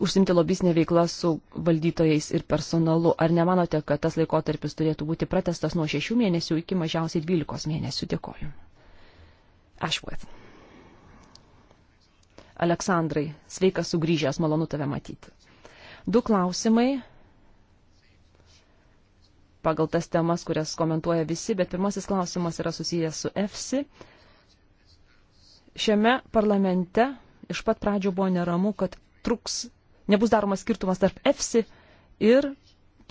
užsimti lobisnė veikla su valdytojais ir personalu. Ar nemanote, kad tas laikotarpis turėtų būti pratestas nuo 6 mėnesių iki mažiausiai 12 mėnesių? Dėkoju. Ashworth. Aleksandrai, sveikas sugrįžęs, malonu tave matyti. Du klausimai pagal tas temas, kurias komentuoja visi, bet pirmasis klausimas yra susijęs su EFSI. Šiame parlamente iš pat pradžio buvo neramu, kad truks, nebus daromas skirtumas tarp EFSI ir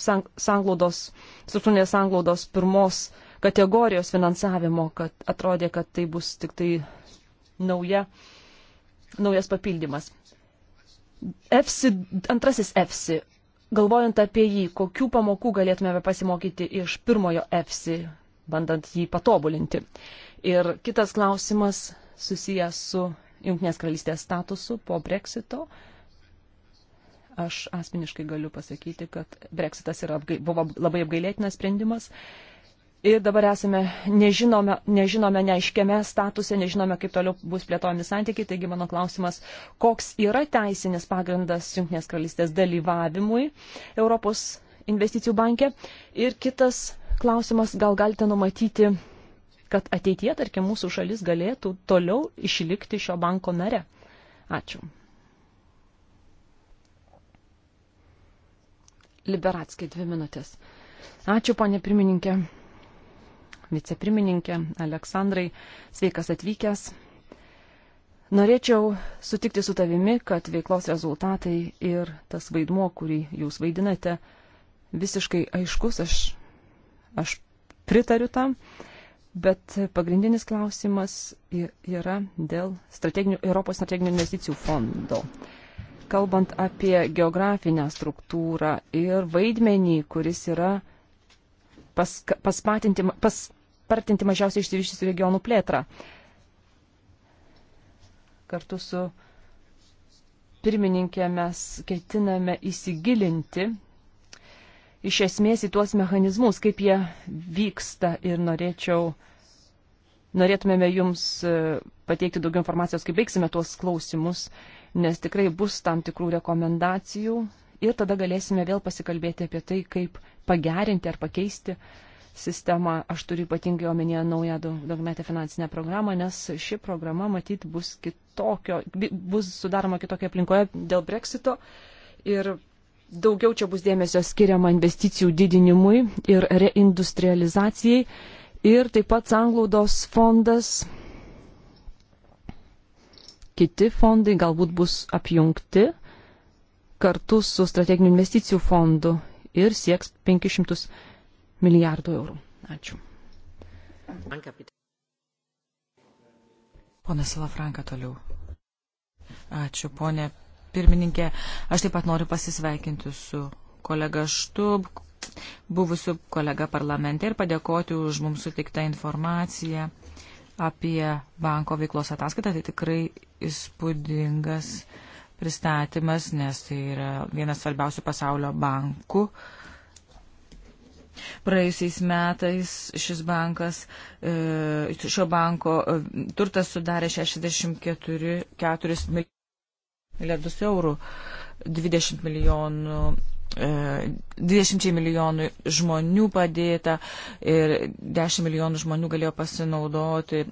sang, sanglaudos, struktūrinės sanglaudos pirmos kategorijos finansavimo, kad atrodė, kad tai bus tik tai nauja, naujas papildymas. EFSI, antrasis EFSI, galvojant apie jį, kokių pamokų galėtumėme pasimokyti iš pirmojo EFSI, bandant jį patobulinti. Ir kitas klausimas susijęs su Junktinės karalystės statusu po Brexito. Aš asmeniškai galiu pasakyti, kad Brexitas yra, buvo labai apgailėtinas sprendimas ir dabar esame nežinome, nežinome neaiškiame statuse, nežinome, kaip toliau bus plėtojami santykiai. Taigi mano klausimas, koks yra teisinis pagrindas Junktinės karalystės dalyvavimui Europos investicijų banke. Ir kitas klausimas, gal galite numatyti, kad ateitie, tarkim, mūsų šalis galėtų toliau išlikti šio banko nare. Ačiū. Liberatskai dvi minutės. Ačiū, ponė pirmininkė vicepirmininkė Aleksandrai, sveikas atvykęs. Norėčiau sutikti su tavimi, kad veiklos rezultatai ir tas vaidmuo, kurį jūs vaidinate, visiškai aiškus, aš, aš pritariu tam, bet pagrindinis klausimas yra dėl strateginių, Europos strateginių investicijų fondo kalbant apie geografinę struktūrą ir vaidmenį, kuris yra paska, paspatinti, pas, spartinti mažiausiai išsivyščiusių regionų plėtrą. Kartu su pirmininkė mes ketiname įsigilinti iš esmės į tuos mechanizmus, kaip jie vyksta ir norėčiau, norėtumėme jums e, pateikti daugiau informacijos, kai baigsime tuos klausimus, nes tikrai bus tam tikrų rekomendacijų ir tada galėsime vėl pasikalbėti apie tai, kaip pagerinti ar pakeisti uh, sistemą. Aš turiu ypatingai omenyje naują daugmetę finansinę programą, nes ši programa matyt bus, kitokio, bus sudaroma kitokia aplinkoje dėl breksito. Ir daugiau čia bus dėmesio skiriama investicijų didinimui ir reindustrializacijai. Ir taip pat sanglaudos fondas, kiti fondai galbūt bus apjungti kartu su strateginių investicijų fondu ir sieks 500 milijardų eurų. Ačiū. Ponas Salafranka toliau. Ačiū, ponė pirmininkė. Aš taip pat noriu pasisveikinti su kolega Štub, buvusiu kolega parlamente ir padėkoti už mums sutiktą informaciją apie banko veiklos ataskaitą. Tai tikrai įspūdingas pristatymas, nes tai yra vienas svarbiausių pasaulio bankų. Uh, Praėjusiais metais šis bankas, e, šio banko e, turtas sudarė 64 milijardus eurų, 20 milijonų 20 e, milijonų žmonių padėta ir 10 milijonų žmonių galėjo pasinaudoti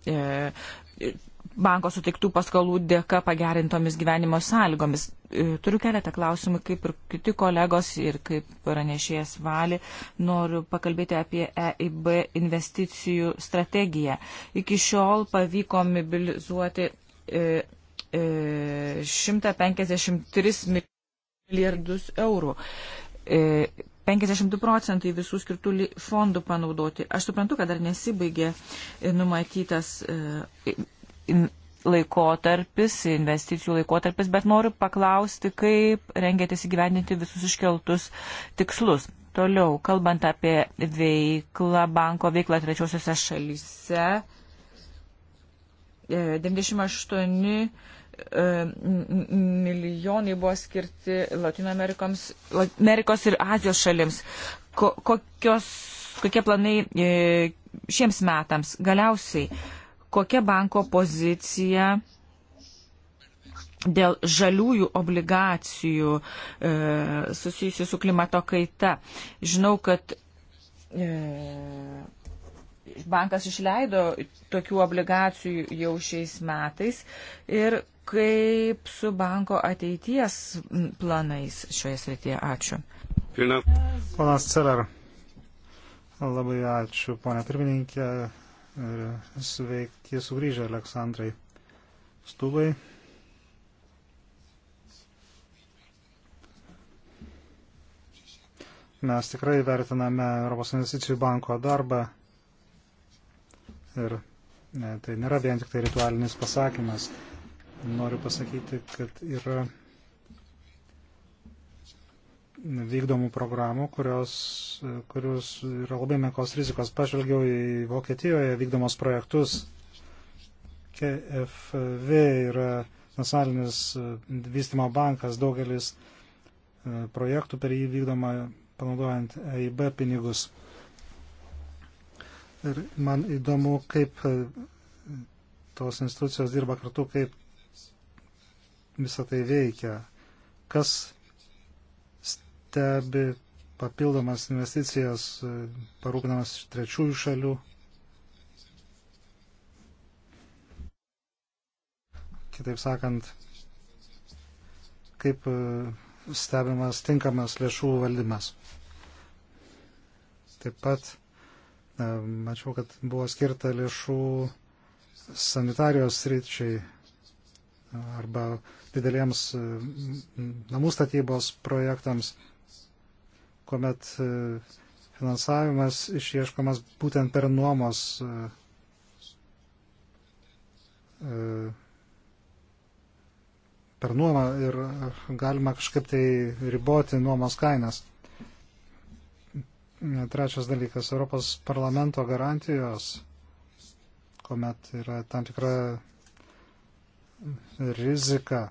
banko sutiktų paskolų dėka pagerintomis gyvenimo sąlygomis. E, turiu keletą klausimų, kaip ir kiti kolegos ir kaip pranešėjas Vali, noriu pakalbėti apie EIB investicijų strategiją. Iki šiol pavyko mobilizuoti e, e, 153 milijardus eurų. E, 52 procentai visų skirtų fondų panaudoti. Aš suprantu, kad dar nesibaigė numatytas. E, laikotarpis, investicijų laikotarpis, bet noriu paklausti, kaip rengėtės įgyvendinti visus iškeltus tikslus. Toliau, kalbant apie veiklą, banko veiklą trečiosiuose šalyse, 98 e, e, milijonai buvo skirti Latino Amerikos ir Azijos šalims. Ko, kokios, kokie planai e, šiems metams? Galiausiai kokia banko pozicija dėl žaliųjų obligacijų e, susijusių su klimato kaita. Žinau, kad e, bankas išleido tokių obligacijų jau šiais metais ir kaip su banko ateities planais šioje srityje. Ačiū. Ponas Celer. Labai ačiū, ponia pirmininkė sveiki sugrįžę Aleksandrai Stuvai. Mes tikrai vertiname Europos investicijų banko darbą ir ne, tai nėra vien tik tai ritualinis pasakymas. Noriu pasakyti, kad yra vykdomų programų, kurios, kurios yra labai menkos rizikos. Pažvelgiau į Vokietijoje vykdomos projektus. KFV yra nacionalinis e, vystimo bankas, daugelis e, projektų per jį vykdoma panaudojant EIB pinigus. Ir man įdomu, kaip e, tos institucijos dirba kartu, kaip visą tai veikia, kas stebi papildomas investicijas parūpinamas iš trečiųjų šalių. Kitaip sakant, kaip e, stebimas tinkamas lėšų valdymas. Taip pat e, mačiau, kad buvo skirta lėšų sanitarijos ryčiai arba dideliems e, namų statybos projektams kuomet e, finansavimas išieškomas būtent per nuomos e, e, per nuomą ir galima kažkaip tai riboti nuomos kainas. Trečias dalykas - Europos parlamento garantijos, kuomet yra tam tikra rizika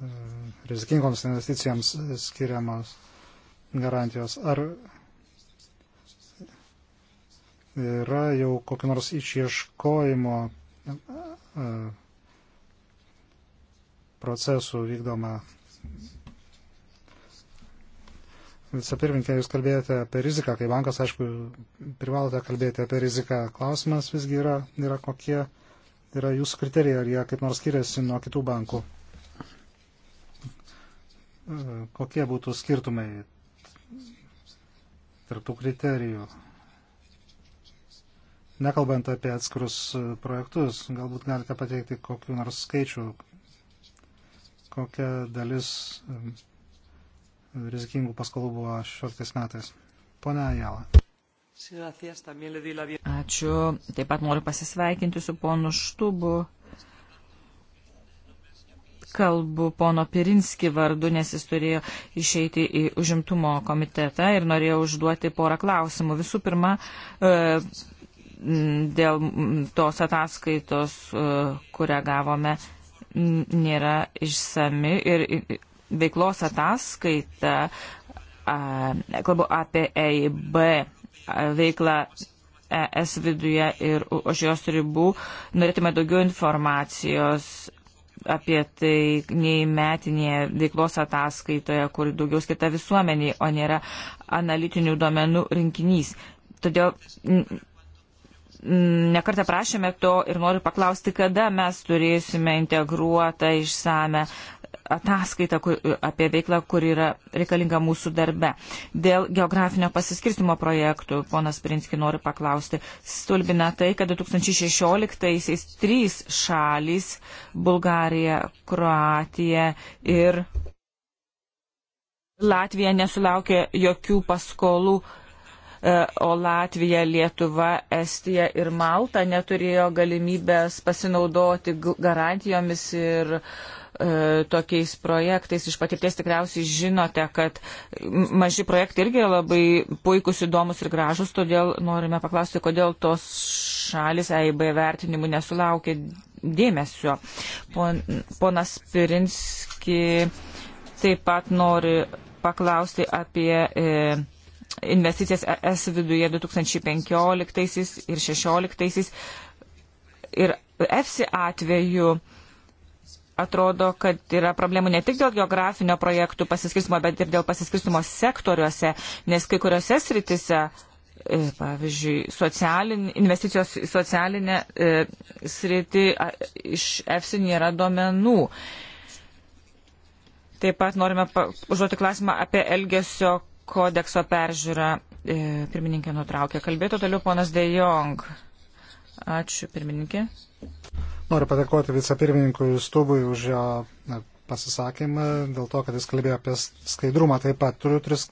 Mm, rizikingoms investicijoms skiriamos garantijos. Ar yra jau kokio nors išieškojimo e, procesų vykdoma? Vicepirminkė, jūs kalbėjote apie riziką, kai bankas, aišku, privalote kalbėti apie riziką. Klausimas visgi yra, yra kokie yra jūsų kriterijai, ar jie kaip nors skiriasi nuo kitų bankų. Mhm. kokie būtų skirtumai tarptų kriterijų. Nekalbant apie atskirus projektus, galbūt galite pateikti kokiu nors skaičių, kokia dalis rizikingų paskolų buvo 16 metais. Pone Jala. Ačiū. Taip pat noriu pasisveikinti su ponu Štubu kalbu pono Pirinski vardu, nes jis turėjo išeiti į užimtumo komitetą ir norėjau užduoti porą klausimų. Visų pirma, e, dėl tos ataskaitos, e, kurią gavome, nėra išsami ir veiklos ataskaita, kalbu apie EIB veiklą ES viduje ir už jos ribų. Norėtume daugiau informacijos apie tai nei metinėje veiklos ataskaitoje, kur daugiau skirta visuomeniai, o nėra analitinių duomenų rinkinys. Todėl nekartą prašėme to ir noriu paklausti, kada mes turėsime integruotą išsame ataskaitą kur, apie veiklą, kur yra reikalinga mūsų darbe. Dėl geografinio pasiskirstimo projektų, ponas Prinski nori paklausti, stulbina tai, kad 2016-aisiais trys šalys - Bulgarija, Kroatija ir Latvija nesulaukė jokių paskolų e, o Latvija, Lietuva, Estija ir Malta neturėjo galimybės pasinaudoti garantijomis ir E, tokiais projektais. Iš patirties tikriausiai žinote, kad maži projektai irgi labai puikus, įdomus ir gražus, todėl norime paklausti, kodėl tos šalis EIB vertinimų nesulaukė dėmesio. Pon, ponas Pirinski taip pat nori paklausti apie. E, investicijas ES viduje 2015 ir 2016 ir EFSI atveju atrodo, kad yra problemų ne tik dėl geografinio projektų pasiskirstimo, bet ir dėl pasiskirstimo sektoriuose, nes kai kuriuose sritise, e, pavyzdžiui, socialin, investicijos į socialinę e, sritį a, iš EFSI nėra duomenų. Taip pat norime užduoti klausimą apie Elgesio kodekso peržiūrą. E, pirmininkė nutraukė. Kalbėtų toliau ponas De Jong. Ačiū, pirmininkė. Noriu padėkoti vicepirmininkui Stubui už jo pasisakymą, dėl to, kad jis kalbėjo apie skaidrumą. Taip pat turiu tris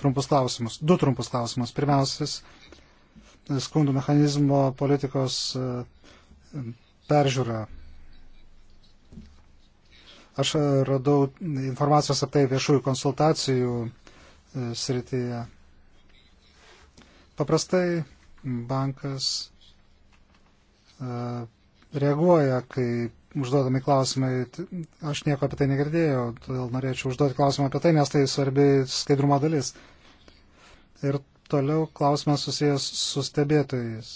trumpus klausimus. Du trumpus klausimus. Pirmiausias - skundų mechanizmo politikos e, peržiūra. Aš radau informacijos apie tai viešųjų konsultacijų e, srityje. Paprastai bankas E, reaguoja, kai užduodami klausimai. Aš nieko apie tai negirdėjau, todėl norėčiau užduoti klausimą apie tai, nes tai svarbi skaidrumo dalis. Ir toliau klausimas susijęs su stebėtojais.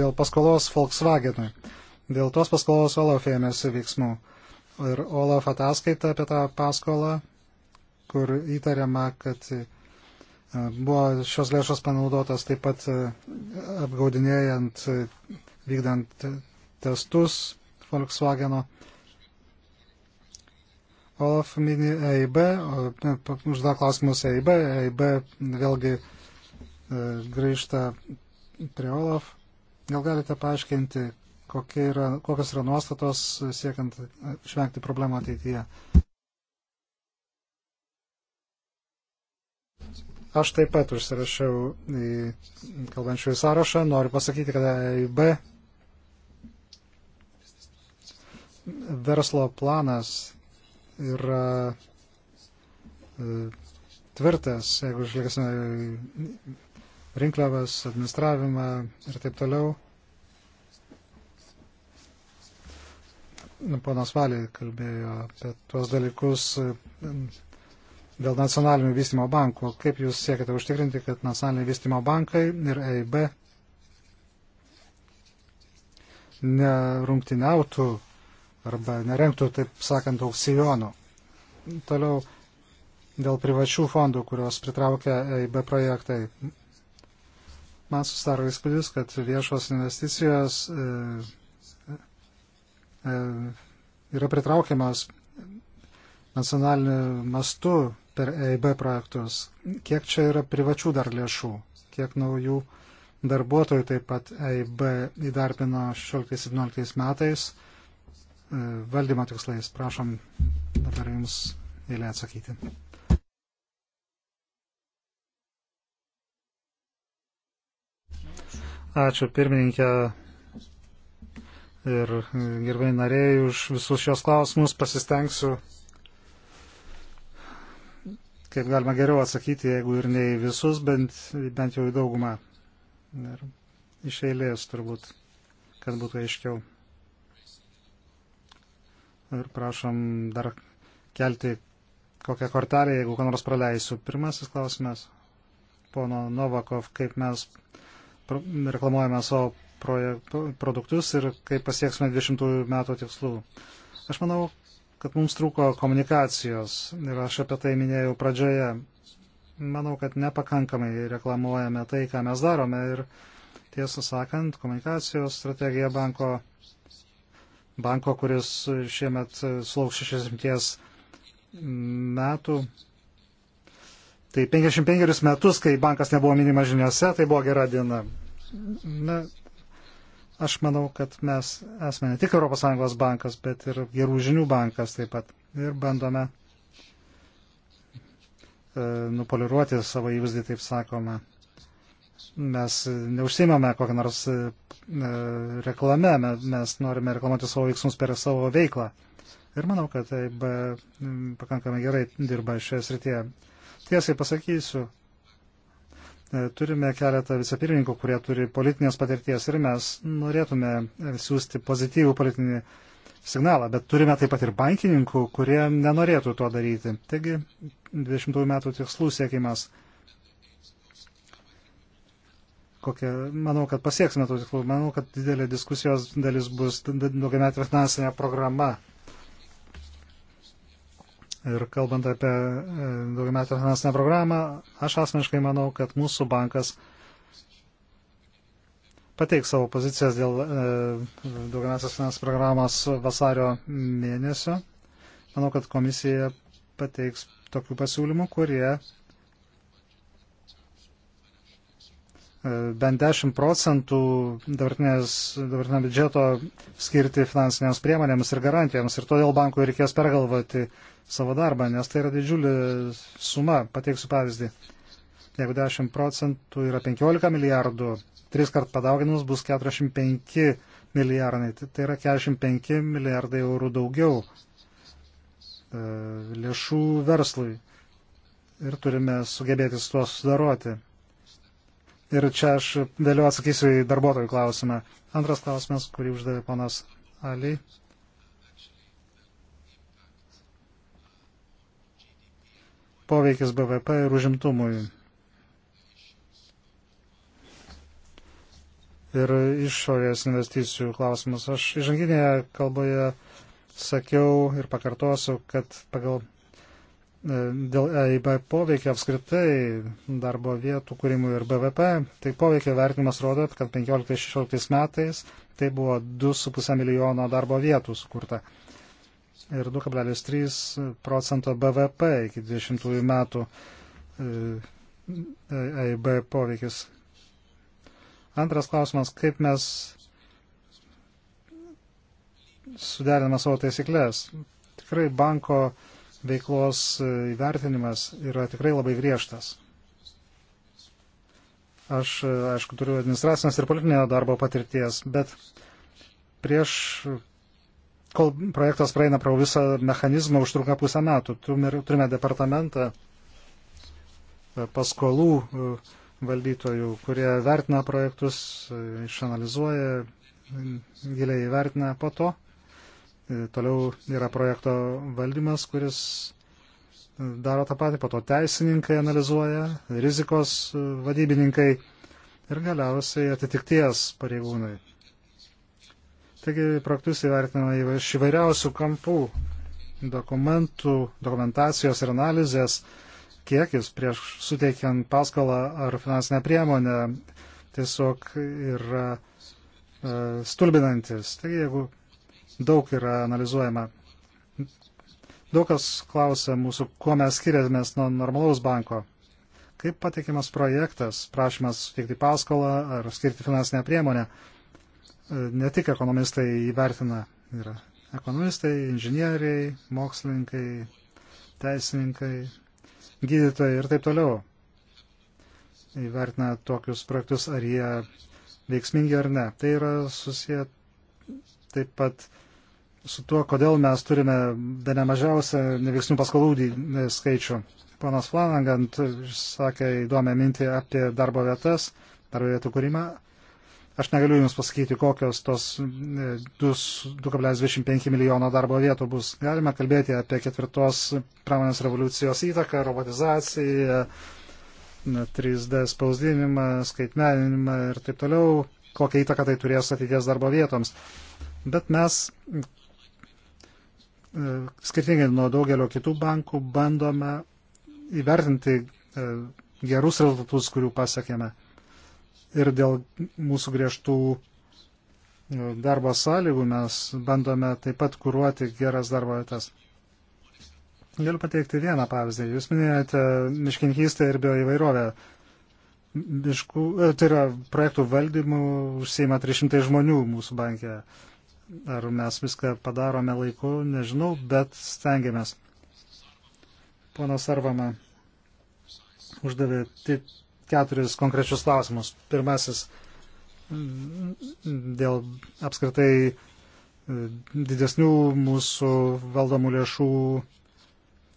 Dėl paskolos Volkswagenui. Dėl tos paskolos Olaf ėmėsi veiksmų. Ir Olaf ataskaita apie tą paskolą, kur įtariama, kad Buvo šios lėšos panaudotos taip pat e, apgaudinėjant, e, vykdant testus Volkswageno. Olaf mini EIB, užda klausimus EIB, EIB vėlgi e, grįžta prie Olaf. Gal galite paaiškinti, yra, kokios yra nuostatos siekiant e, išvengti problemų ateityje? Aš taip pat užsirašiau į kalbančiųjų sąrašą. Noriu pasakyti, kad EIB verslo planas yra e, tvirtas, jeigu žvelgsime rinkliavas, administravimą ir taip toliau. Ponas Valiai kalbėjo apie tuos dalykus dėl nacionalinių vystimo bankų. Kaip jūs siekite užtikrinti, kad nacionaliniai vystimo bankai ir EIB nerungtiniautų arba nerengtų, taip sakant, aukcijonų. Toliau dėl privačių fondų, kurios pritraukia EIB projektai. Man susidaro įspūdis, kad viešos investicijos e, e, yra pritraukiamas nacionaliniu mastu per EIB projektus. Kiek čia yra privačių dar lėšų? Kiek naujų darbuotojų taip pat EIB įdarbino 16-17 metais e, valdymo tikslais? Prašom dabar Jums eilė atsakyti. Ačiū pirmininkė ir e, gerbai nariai už visus šios klausimus pasistengsiu kaip galima geriau atsakyti, jeigu ir ne į visus, bent, bent jau į daugumą. Ir iš eilės turbūt, kad būtų aiškiau. Ir prašom dar kelti kokią kortelę, jeigu ką nors praleisiu. Pirmasis klausimas, pono Novakov, kaip mes reklamuojame savo projektu, produktus ir kaip pasieksime 20 metų tikslų. Aš manau, kad mums trūko komunikacijos ir aš apie tai minėjau pradžioje. Manau, kad nepakankamai reklamuojame tai, ką mes darome ir tiesą sakant, komunikacijos strategija banko, banko kuris šiemet sulauks 60 metų. Tai 55 metus, kai bankas nebuvo minimas žiniuose, tai buvo gera diena. Na, Aš manau, kad mes esame ne tik ES bankas, bet ir gerų žinių bankas taip pat. Ir bandome e, nupoliruoti savo įvaizdį, taip sakoma. Mes neužsimame kokią nors e, e, reklame, mes norime reklamuoti savo veiksmus per savo veiklą. Ir manau, kad taip pakankamai gerai dirba šioje srityje. Tiesiai pasakysiu, E, turime keletą vicepirmininkų, kurie turi politinės patirties ir mes norėtume siūsti pozityvų politinį signalą, bet turime taip pat ir bankininkų, kurie nenorėtų to daryti. Taigi 20 metų tikslų siekimas. Kokia, manau, kad pasieksime tų tikslų. Manau, kad didelė diskusijos dalis bus daugiametė finansinė programa Ir kalbant apie e, daugiametę finansinę programą, aš asmeniškai manau, kad mūsų bankas pateiks savo pozicijas dėl e, daugiametės finansinės programos vasario mėnesio. Manau, kad komisija pateiks tokių pasiūlymų, kurie e, bent 10 procentų dabartinio biudžeto skirti finansinėms priemonėms ir garantijoms. Ir todėl bankui reikės pergalvoti savo darbą, nes tai yra didžiulė suma. Pateiksiu pavyzdį. Jeigu 10 procentų yra 15 milijardų, 3 kart padauginus bus 45 milijardai. Tai, tai yra 45 milijardai eurų daugiau e, lėšų verslui. Ir turime sugebėti su tuo sudaroti. Ir čia aš vėliau atsakysiu į darbuotojų klausimą. Antras klausimas, kurį uždavė panas Ali, poveikis BVP ir užimtumui. Ir išorės investicijų klausimus. Aš įžanginėje kalboje sakiau ir pakartosiu, kad pagal e, dėl EIB poveikio apskritai darbo vietų kūrimui ir BVP, tai poveikio vertinimas rodo, kad 15-16 metais tai buvo 2,5 milijono darbo vietų sukurta ir 2,3 procento BVP iki 20 metų EIB poveikis. Antras klausimas, kaip mes suderiname savo taisyklės. Tikrai banko veiklos e, įvertinimas yra tikrai labai griežtas. Aš, e, aišku, turiu administracinės ir politinio darbo patirties, bet prieš kol projektas praeina pro visą mechanizmą, užtruka pusę metų. Turime departamentą e, paskolų e, valdytojų, kurie vertina projektus, e, išanalizuoja, giliai vertina po to. Toliau yra projekto valdymas, kuris daro tą patį, po to teisininkai analizuoja, rizikos vadybininkai ir galiausiai atitikties pareigūnai. Taigi projektus įvertinama iš įvairiausių kampų dokumentų, dokumentacijos ir analizės kiekis prieš suteikiant paskolą ar finansinę priemonę tiesiog yra e, stulbinantis. Taigi, jeigu daug yra analizuojama, daug kas klausia mūsų, kuo mes skiriamės nuo normalaus banko. Kaip patikimas projektas, prašymas teikti paskolą ar skirti finansinę priemonę. E, ne tik ekonomistai įvertina, yra ekonomistai, inžinieriai, mokslininkai, teisininkai, gydytojai ir taip toliau įvertina tokius projektus, ar jie veiksmingi ar ne. Tai yra susiję taip pat su tuo, kodėl mes turime dar ne mažiausią neveiksnių paskolų e, skaičių. Ponas Flanagant sakė įdomią mintį apie darbo vietas, darbo vietų kūrimą. Aš negaliu Jums pasakyti, kokios tos 2,25 e, milijono darbo vietų bus. Galime kalbėti apie ketvirtos pramonės revoliucijos įtaką, robotizaciją, 3D spausdinimą, skaitmeninimą ir taip toliau, kokią įtaką tai turės ateities darbo vietoms. Bet mes, e, skirtingai nuo daugelio kitų bankų, bandome įvertinti e, gerus rezultatus, kurių pasiekėme ir dėl mūsų griežtų e, darbo sąlygų mes bandome taip pat kūruoti geras darbo vietas. Galiu pateikti vieną pavyzdį. Jūs minėjote miškininkystę ir bioįvairovę. Miškų, e, tai yra projektų valdymų užsieima 300 žmonių mūsų bankė. Ar mes viską padarome laiku, nežinau, bet stengiamės. Ponas Arvama uždavė keturis konkrečius klausimus. Pirmasis dėl apskritai e, didesnių mūsų valdomų lėšų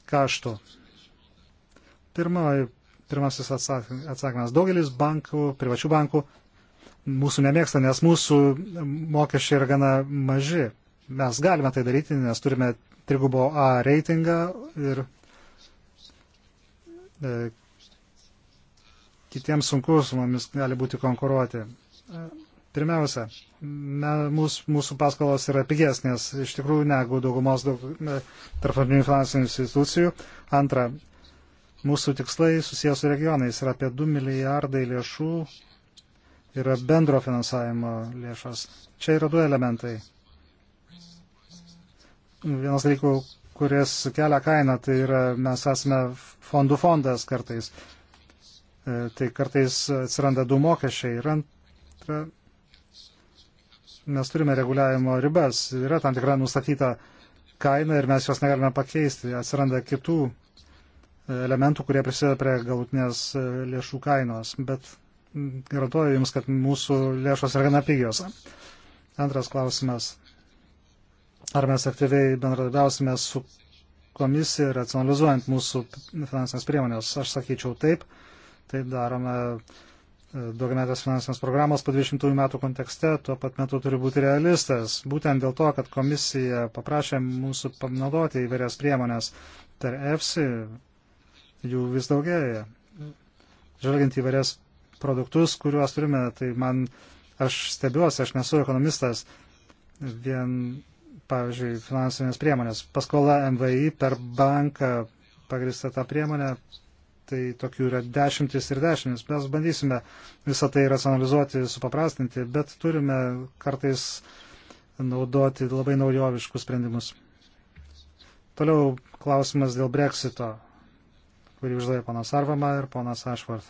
kaštų. Pirmoji, pirmasis atsakymas. Daugelis bankų, privačių bankų mūsų nemėgsta, nes mūsų mokesčiai yra gana maži. Mes galime tai daryti, nes turime trigubo A reitingą ir e, kitiems sunku su mumis gali būti konkuruoti. E, pirmiausia, me, mūs, mūsų paskolos yra pigesnės iš tikrųjų negu daugumos daug, e, tarptautinių finansinių institucijų. Antra, mūsų tikslai susijęs su regionais yra apie 2 milijardai lėšų yra bendro finansavimo lėšos. Čia yra du elementai. Vienas dalykų, kuris kelia kainą, tai yra mes esame fondų fondas kartais. E, tai kartais atsiranda du mokesčiai. Ir antra, mes turime reguliavimo ribas, yra tam tikra nustatyta kaina ir mes jos negalime pakeisti. Atsiranda kitų e, elementų, kurie prisideda prie galutinės e, lėšų kainos, bet garantuoju Jums, kad mūsų lėšos yra gana pigios. Antras klausimas. Ar mes aktyviai bendradarbiausime su komisija racionalizuojant mūsų finansinės priemonės? Aš sakyčiau taip. Uh, tai darome e, daugiametės finansinės programos po 20 metų kontekste, tuo pat metu turi būti realistas. Būtent dėl to, kad komisija paprašė mūsų panaudoti įvairias priemonės, tai EFSI jų vis daugėja. Žvelgiant įvairias produktus, kuriuos turime, tai man aš stebiuosi, aš nesu ekonomistas, vien, pavyzdžiui, finansinės priemonės. Paskola MVI per banką pagrįsta tą priemonę, tai tokių yra dešimtis ir dešimtis. Mes bandysime visą tai racionalizuoti, supaprastinti, bet turime kartais naudoti labai naujoviškus sprendimus. Toliau klausimas dėl breksito, kurį uždavė ponas Arvama ir ponas Ašvart.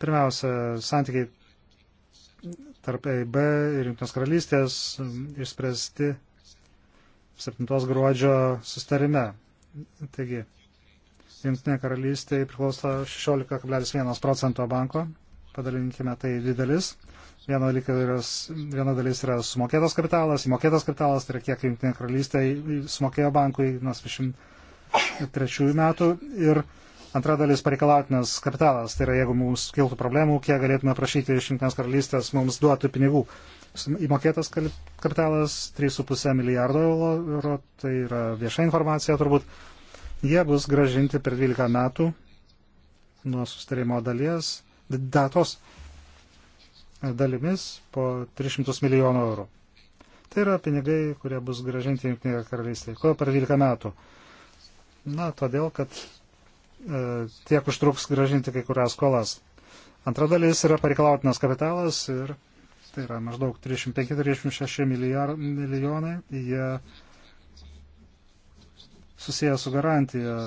Pirmiausia, santykiai tarp EIB ir Junktinės karalystės išspręsti 7 gruodžio sustarime. Taigi, Junktinė karalystė priklauso 16,1 procento banko, padalinkime tai didelis. Viena, yra, viena dalis yra sumokėtas kapitalas, įmokėtas kapitalas, tai yra kiek Junktinė karalystė sumokėjo bankui nuo 23 metų. Ir Antra dalis pareikalautinas kapitalas, tai yra jeigu mums kiltų problemų, kiek galėtume prašyti iš Junktinės karalystės mums duotų pinigų. Įmokėtas kapitalas 3,5 milijardo eurų, tai yra vieša informacija turbūt. Jie bus gražinti per 12 metų nuo sustarimo dalies, datos dalimis po 300 milijonų eurų. Tai yra pinigai, kurie bus gražinti Junktinėje karalystėje. Kodėl per 12 metų? Na, todėl, kad e, tiek užtruks gražinti kai kurias skolas. Antra dalis yra pareikalautinas kapitalas ir tai yra maždaug 35-36 milijonai, jie susiję su garantija.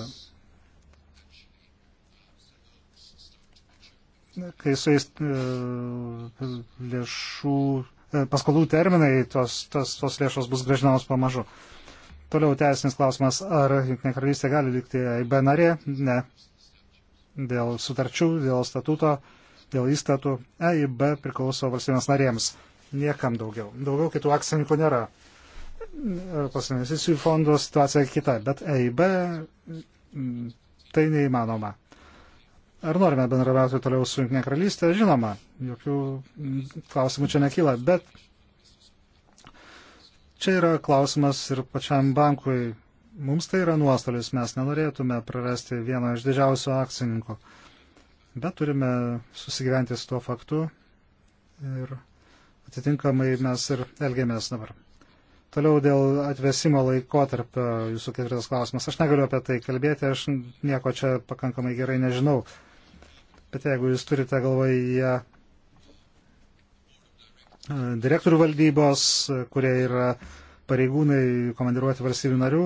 Kai su jais e, lėšų, e, paskolų terminai, tos, tos, tos lėšos bus gražinamos pamažu. Toliau teisinis klausimas, ar Junktinė karalystė gali likti IB narė? Ne. Dėl sutarčių, dėl statuto dėl įstatų EIB priklauso valstybės narėms, niekam daugiau. Daugiau kitų akcininkų nėra. Europos investicijų fondų situacija kita, bet EIB mm, tai neįmanoma. Ar norime bendrabiauti toliau su Junktinė karalystė? Žinoma, jokių mm, klausimų čia nekyla, bet čia yra klausimas ir pačiam bankui. Mums tai yra nuostolis, mes nenorėtume prarasti vieno iš didžiausių akcininkų bet turime susigyventi su tuo faktu ir atitinkamai mes ir elgiamės dabar. Toliau dėl atvesimo laikotarpio jūsų ketvirtas klausimas. Aš negaliu apie tai kalbėti, aš nieko čia pakankamai gerai nežinau. Bet jeigu jūs turite galvoje e, direktorių valdybos, e, kurie yra pareigūnai komandiruoti valstybių narių,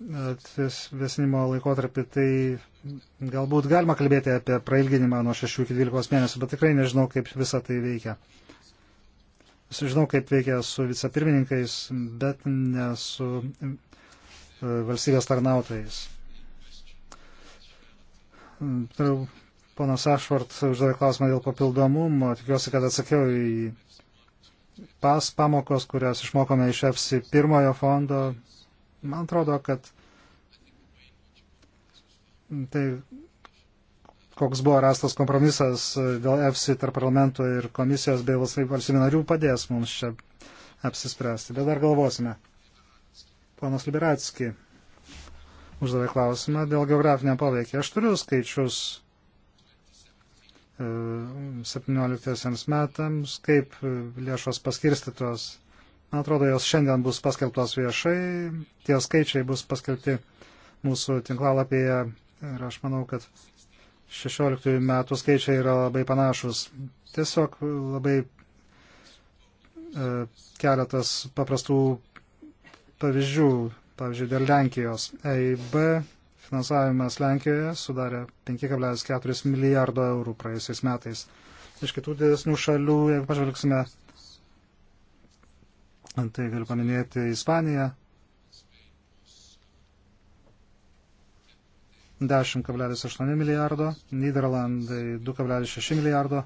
vesinimo laikotarpį, tai galbūt galima kalbėti apie prailginimą nuo 6 iki 12 mėnesių, bet tikrai nežinau, kaip visa tai veikia. Žinau, kaip veikia su vicepirmininkais, bet ne su e, valstybės tarnautojais. Ponas Ašvart uždavė klausimą dėl papildomumo. Tikiuosi, kad atsakiau į pas pamokos, kurias išmokome iš EFSI pirmojo fondo Man atrodo, kad tai koks buvo rastas kompromisas dėl EFSI tarp parlamento ir komisijos bei valstybių narių padės mums čia apsispręsti. Bet dar galvosime. Ponas Liberatski uždavė klausimą dėl geografinio poveikio. Aš turiu skaičius 17 e, metams, kaip lėšos paskirstytos Man atrodo, jos šiandien bus paskelbtos viešai, tie skaičiai bus paskelbti mūsų tinklalapyje ir aš manau, kad 16 metų skaičiai yra labai panašus. Tiesiog labai e, keletas paprastų pavyzdžių, pavyzdžiui, dėl Lenkijos. EIB finansavimas Lenkijoje sudarė 5,4 milijardo eurų praėjusiais metais. Iš kitų didesnių šalių, jeigu pažvelgsime Tai galiu paminėti Ispaniją. 10,8 milijardo, Niderlandai 2,6 milijardo,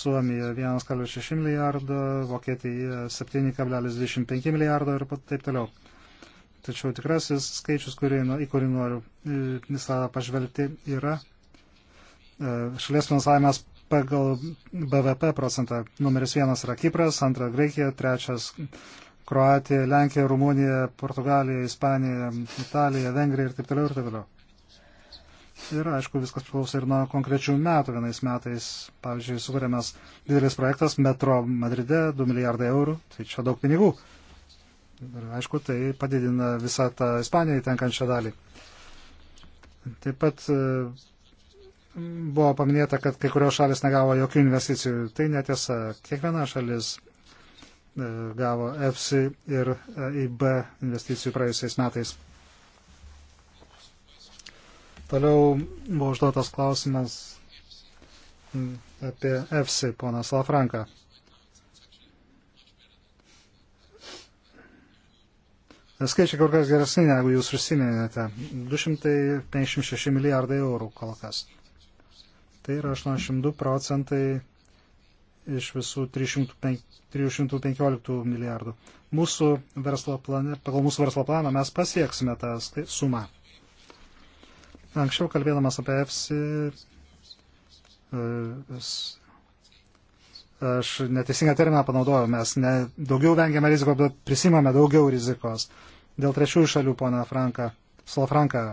Suomija 1,6 milijardo, Vokietija 7,25 milijardo ir taip toliau. Tačiau tikrasis skaičius, kurį, į kurį noriu visą pažvelgti, yra e, šalies finansavimas pagal BVP procentą. Numeris vienas yra Kipras, antra Graikija, trečias Kroatija, Lenkija, Rumunija, Portugalija, Ispanija, Italija, Vengrija ir taip toliau ir taip toliau. Ir aišku, viskas priklauso ir nuo konkrečių metų. Vienais metais, pavyzdžiui, sukūrėmės didelis projektas metro Madride, 2 milijardai eurų, tai čia daug pinigų. Ir aišku, tai padidina visą tą Ispanijai tenkančią dalį. Taip pat buvo paminėta, kad kai kurios šalis negavo jokių investicijų. Tai netiesa. Kiekviena šalis e, gavo EFSI ir EIB investicijų praėjusiais metais. Toliau buvo užduotas klausimas apie EFSI, ponas Lafranka. Skaičiai kur kas geresni, negu jūs užsiminėte. 256 milijardai eurų kol kas. Tai yra 82 procentai iš visų 305, 315 milijardų. Mūsų verslo plane, pagal mūsų verslo planą mes pasieksime tą sumą. Anksčiau kalbėdamas apie EFSI, aš neteisingą terminą panaudojau, mes ne, daugiau vengiame riziko, bet prisimame daugiau rizikos. Dėl trečiųjų šalių, pona Franka, Slafranka,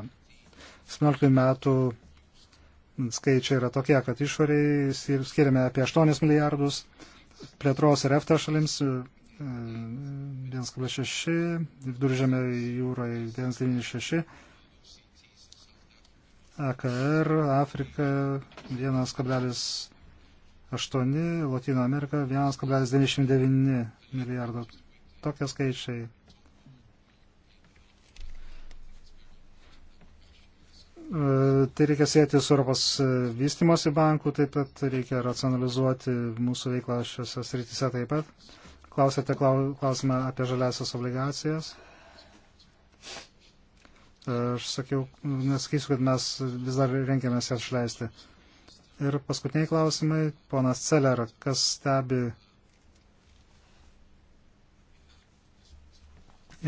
17 metų skaičiai yra tokie, kad išoriai skiriame apie 8 milijardus, plėtros ir EFTA šalims 1,6, e, viduržėme jūroje 1,96, AKR, Afrika 1,8, Latino Amerika 1,99 milijardo. Tokie skaičiai tai reikia sėti su Europos vystimosi banku, taip pat reikia racionalizuoti mūsų veiklą šiuose srityse taip pat. Klausėte klausimą apie žaliasias obligacijas. Aš sakiau, nesakysiu, kad mes vis dar renkiamės jas išleisti. Ir paskutiniai klausimai, ponas Celer, kas stebi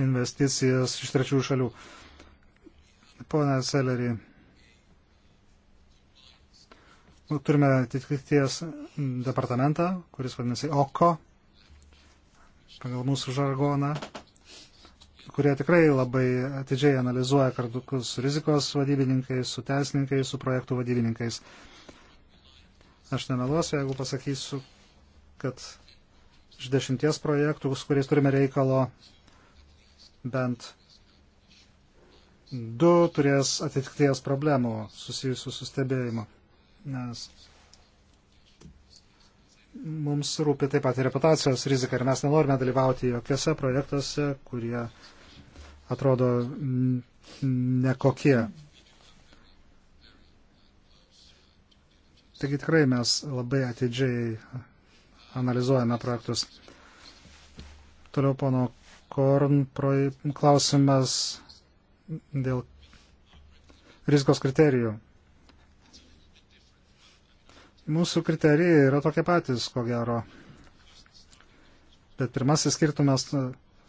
investicijas iš trečiųjų šalių. Uh, Pone Celerį, nu, turime atitikties departamentą, kuris vadinasi OKO, pagal mūsų žargoną, kurie tikrai labai atidžiai analizuoja kartukus su rizikos vadybininkais, su teisininkais, su projektų vadybininkais. Aš nemeluosiu, jeigu pasakysiu, kad iš dešimties projektų, su kuriais turime reikalo, bent du turės atitikties problemų susijusių su stebėjimu. Nes mums rūpi taip pat ir reputacijos rizika ir mes nenorime dalyvauti jokiuose projektuose, kurie atrodo nekokie. Taigi tikrai mes labai atidžiai analizuojame projektus. Toliau pono Korn pro, klausimas dėl rizikos kriterijų. Mūsų kriterijai yra tokie patys, ko gero. Bet pirmasis skirtumas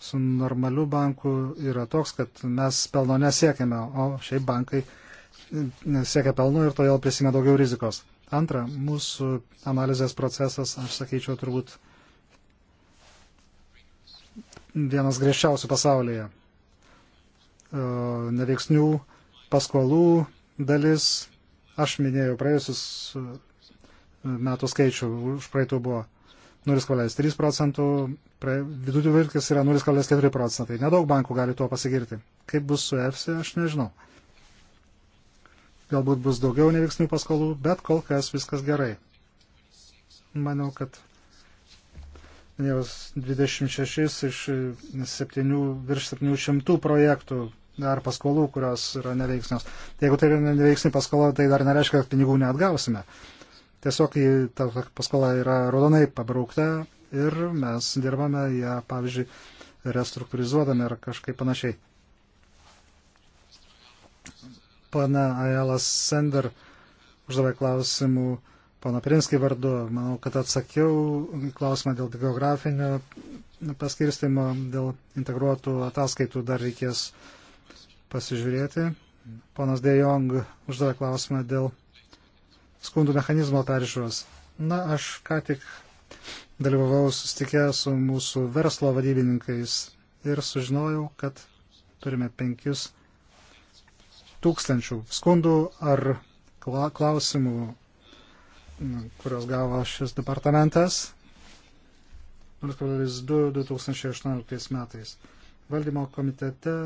su normaliu banku yra toks, kad mes pelno nesiekime, o šiaip bankai siekia pelno ir todėl prisime daugiau rizikos. Antra, mūsų analizės procesas, aš sakyčiau, turbūt vienas griežčiausių pasaulyje. E, neveiksnių paskolų dalis. Aš minėjau praėjusius e, metų skaičių, už praeitų buvo 0,3 procentų, vidutinių virkis yra 0,4 procentai. Nedaug bankų gali tuo pasigirti. Kaip bus su EFSI, aš nežinau. Galbūt bus daugiau neveiksnių paskolų, bet kol kas viskas gerai. Manau, kad minėjau 26 iš 7, virš 700 projektų ar paskolų, kurios yra neveiksnios. Tai jeigu tai yra neveiksni paskola, tai dar nereiškia, kad pinigų neatgausime. Tiesiog ta paskola yra raudonai pabraukta ir mes dirbame ją, pavyzdžiui, restruktūrizuodami ar kažkaip panašiai. Pana Ajalas Sender uždavė klausimų pana Prinskai vardu. Manau, kad atsakiau klausimą dėl geografinio paskirstimo, dėl integruotų ataskaitų dar reikės pasižiūrėti. Ponas Dejong uždavė klausimą dėl skundų mechanizmo peržiūros. Na, aš ką tik dalyvavau susitikę su mūsų verslo vadybininkais ir sužinojau, kad turime penkis tūkstančių skundų ar klausimų, kurios gavo šis departamentas 0,2 2018 metais. Valdymo komitete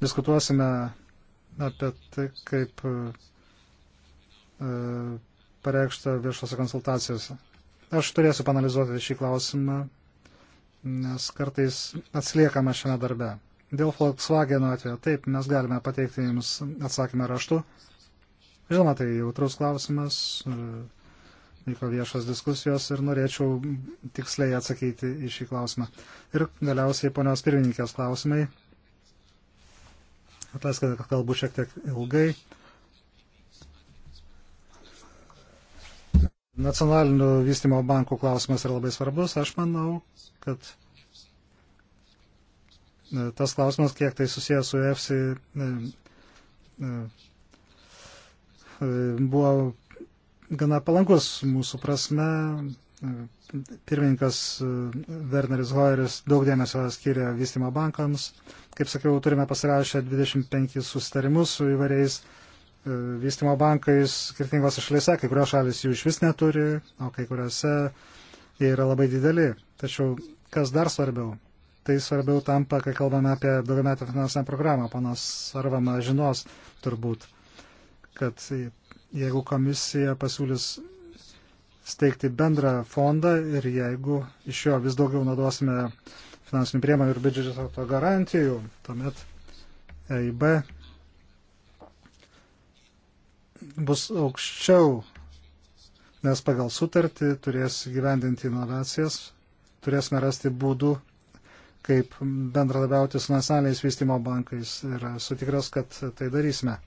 diskutuosime apie tai, kaip e, e, pareikšta viešose konsultacijose. Aš turėsiu panalizuoti šį klausimą, nes kartais atsliekama šiame darbe. Dėl Volkswagen atveju, taip, mes galime pateikti jums atsakymą raštu. Žinoma, tai jautrus klausimas, e, vyko viešos diskusijos ir norėčiau tiksliai atsakyti į šį klausimą. Ir galiausiai ponios pirmininkės klausimai Atleiskite, kad kalbu šiek tiek ilgai. Nacionalinių vystimo bankų klausimas yra labai svarbus. Aš manau, kad e, tas klausimas, kiek tai susijęs su EFSI, e, e, buvo gana palankus mūsų prasme pirmininkas e, Werneris Hoeris daug dėmesio skiria vystimo bankams. Kaip sakiau, turime pasirašę 25 sustarimus su įvairiais e, vystimo bankais skirtingose šalyse, kai kurios šalis jų iš vis neturi, o kai kuriuose jie yra labai dideli. Tačiau kas dar svarbiau, tai svarbiau tampa, kai kalbame apie daugiametę finansinę programą, panas Arvama žinos turbūt, kad jeigu komisija pasiūlys steigti bendrą fondą ir jeigu iš jo vis daugiau naudosime finansinių priemonių ir biudžeto garantijų, tuomet EIB bus aukščiau, nes pagal sutartį turės gyvendinti inovacijas, turėsime rasti būdų, kaip bendradabiauti su nacionaliais vystimo bankais ir sutikras, kad tai darysime.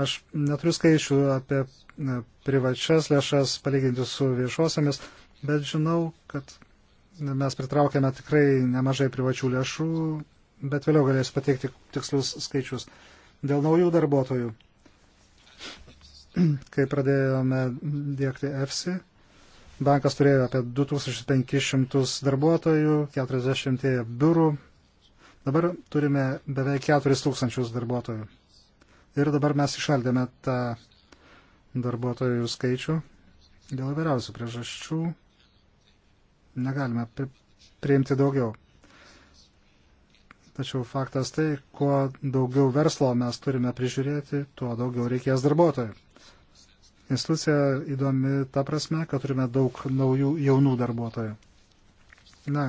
Aš neturiu skaičių apie e, privačias lėšas palyginti su viešuosiamis, bet žinau, kad mes pritraukėme tikrai nemažai privačių lėšų, bet vėliau galėsiu pateikti tikslius skaičius. Dėl naujų darbuotojų, kai pradėjome dėkti EFSI, bankas turėjo apie 2500 darbuotojų, 40 biurų, dabar turime beveik 4000 darbuotojų. Ir dabar mes išaldėme tą darbuotojų skaičių dėl įvairiausių priežasčių. Negalime pri priimti daugiau. Tačiau faktas tai, kuo daugiau verslo mes turime prižiūrėti, tuo daugiau reikės darbuotojų. Institucija įdomi ta prasme, kad turime daug naujų jaunų darbuotojų. Na,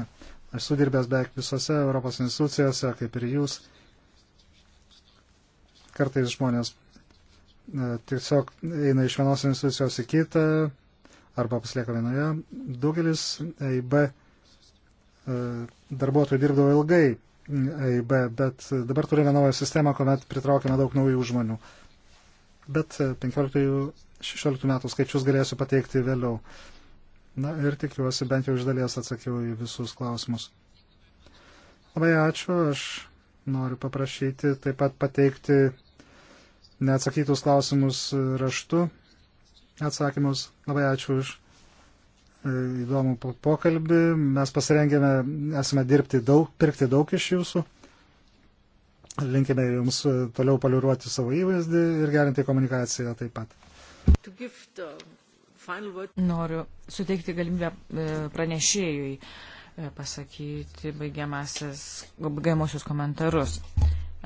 aš sudirbęs beveik visose Europos institucijose, kaip ir jūs. Kartais žmonės e, tiesiog eina iš vienos institucijos į kitą arba pasilieka vienoje. Daugelis EIB e, darbuotojų dirbdavo ilgai EIB, bet dabar turime naują sistemą, kuomet pritraukime daug naujų žmonių. Bet 15-16 metų skaičius galėsiu pateikti vėliau. Na ir tikiuosi, bent jau iš dalies atsakiau į visus klausimus. Labai ačiū, aš noriu paprašyti taip pat pateikti neatsakytus klausimus raštu. Atsakymus labai ačiū už e, įdomų pokalbį. Mes pasirengėme, esame dirbti daug, pirkti daug iš jūsų. Linkime jums e, toliau paliuruoti savo įvaizdį ir gerinti komunikaciją taip pat. Noriu suteikti galimybę e, pranešėjui pasakyti baigiamosius komentarus.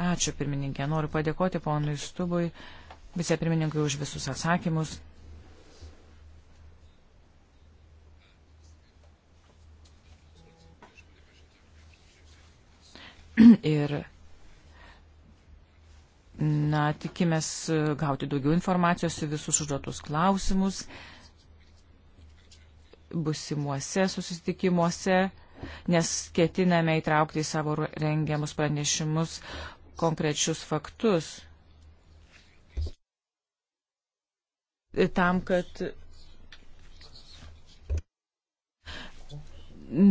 Ačiū pirmininkė. Noriu padėkoti ponui Stubui, vicepirmininkui už visus atsakymus. Ir, na, tikimės gauti daugiau informacijos į visus užduotus klausimus busimuose susitikimuose, nes ketiname įtraukti į savo rengiamus pranešimus konkrečius faktus tam, kad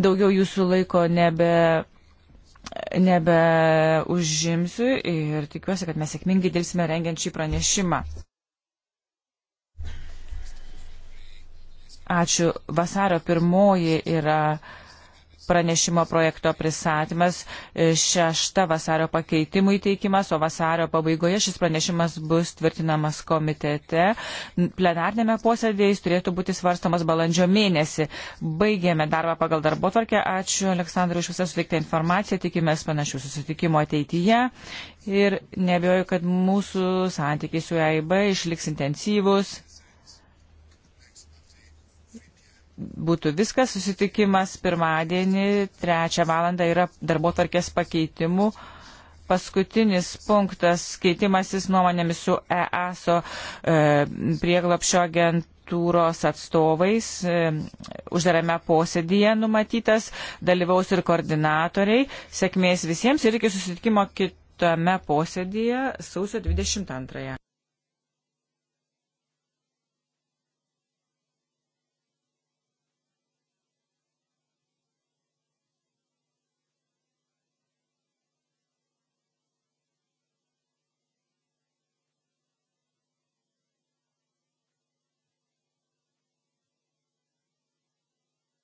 daugiau jūsų laiko nebe, nebe užimsiu ir tikiuosi, kad mes sėkmingai dėlsime rengiant šį pranešimą. Ačiū. Vasario pirmoji yra pranešimo projekto pristatymas, e, šešta vasario pakeitimų įteikimas, o vasario pabaigoje šis pranešimas bus tvirtinamas komitete. Plenarnėme posėdėje jis turėtų būti svarstamas balandžio mėnesį. Baigėme darbą pagal darbo tvarkę. Ačiū Aleksandrui už visą suveiktą informaciją. Tikimės panašių susitikimų ateityje. Ir nebejoju, kad mūsų santykiai su EIB išliks intensyvus būtų viskas. Susitikimas pirmadienį, trečią valandą yra darbo tvarkės pakeitimų. Paskutinis punktas - keitimasis nuomonėmis su EASO e, e prieglapšio agentūros atstovais. E, uždarame posėdyje numatytas, dalyvaus ir koordinatoriai. Sėkmės visiems ir iki susitikimo kitame posėdyje sausio 22.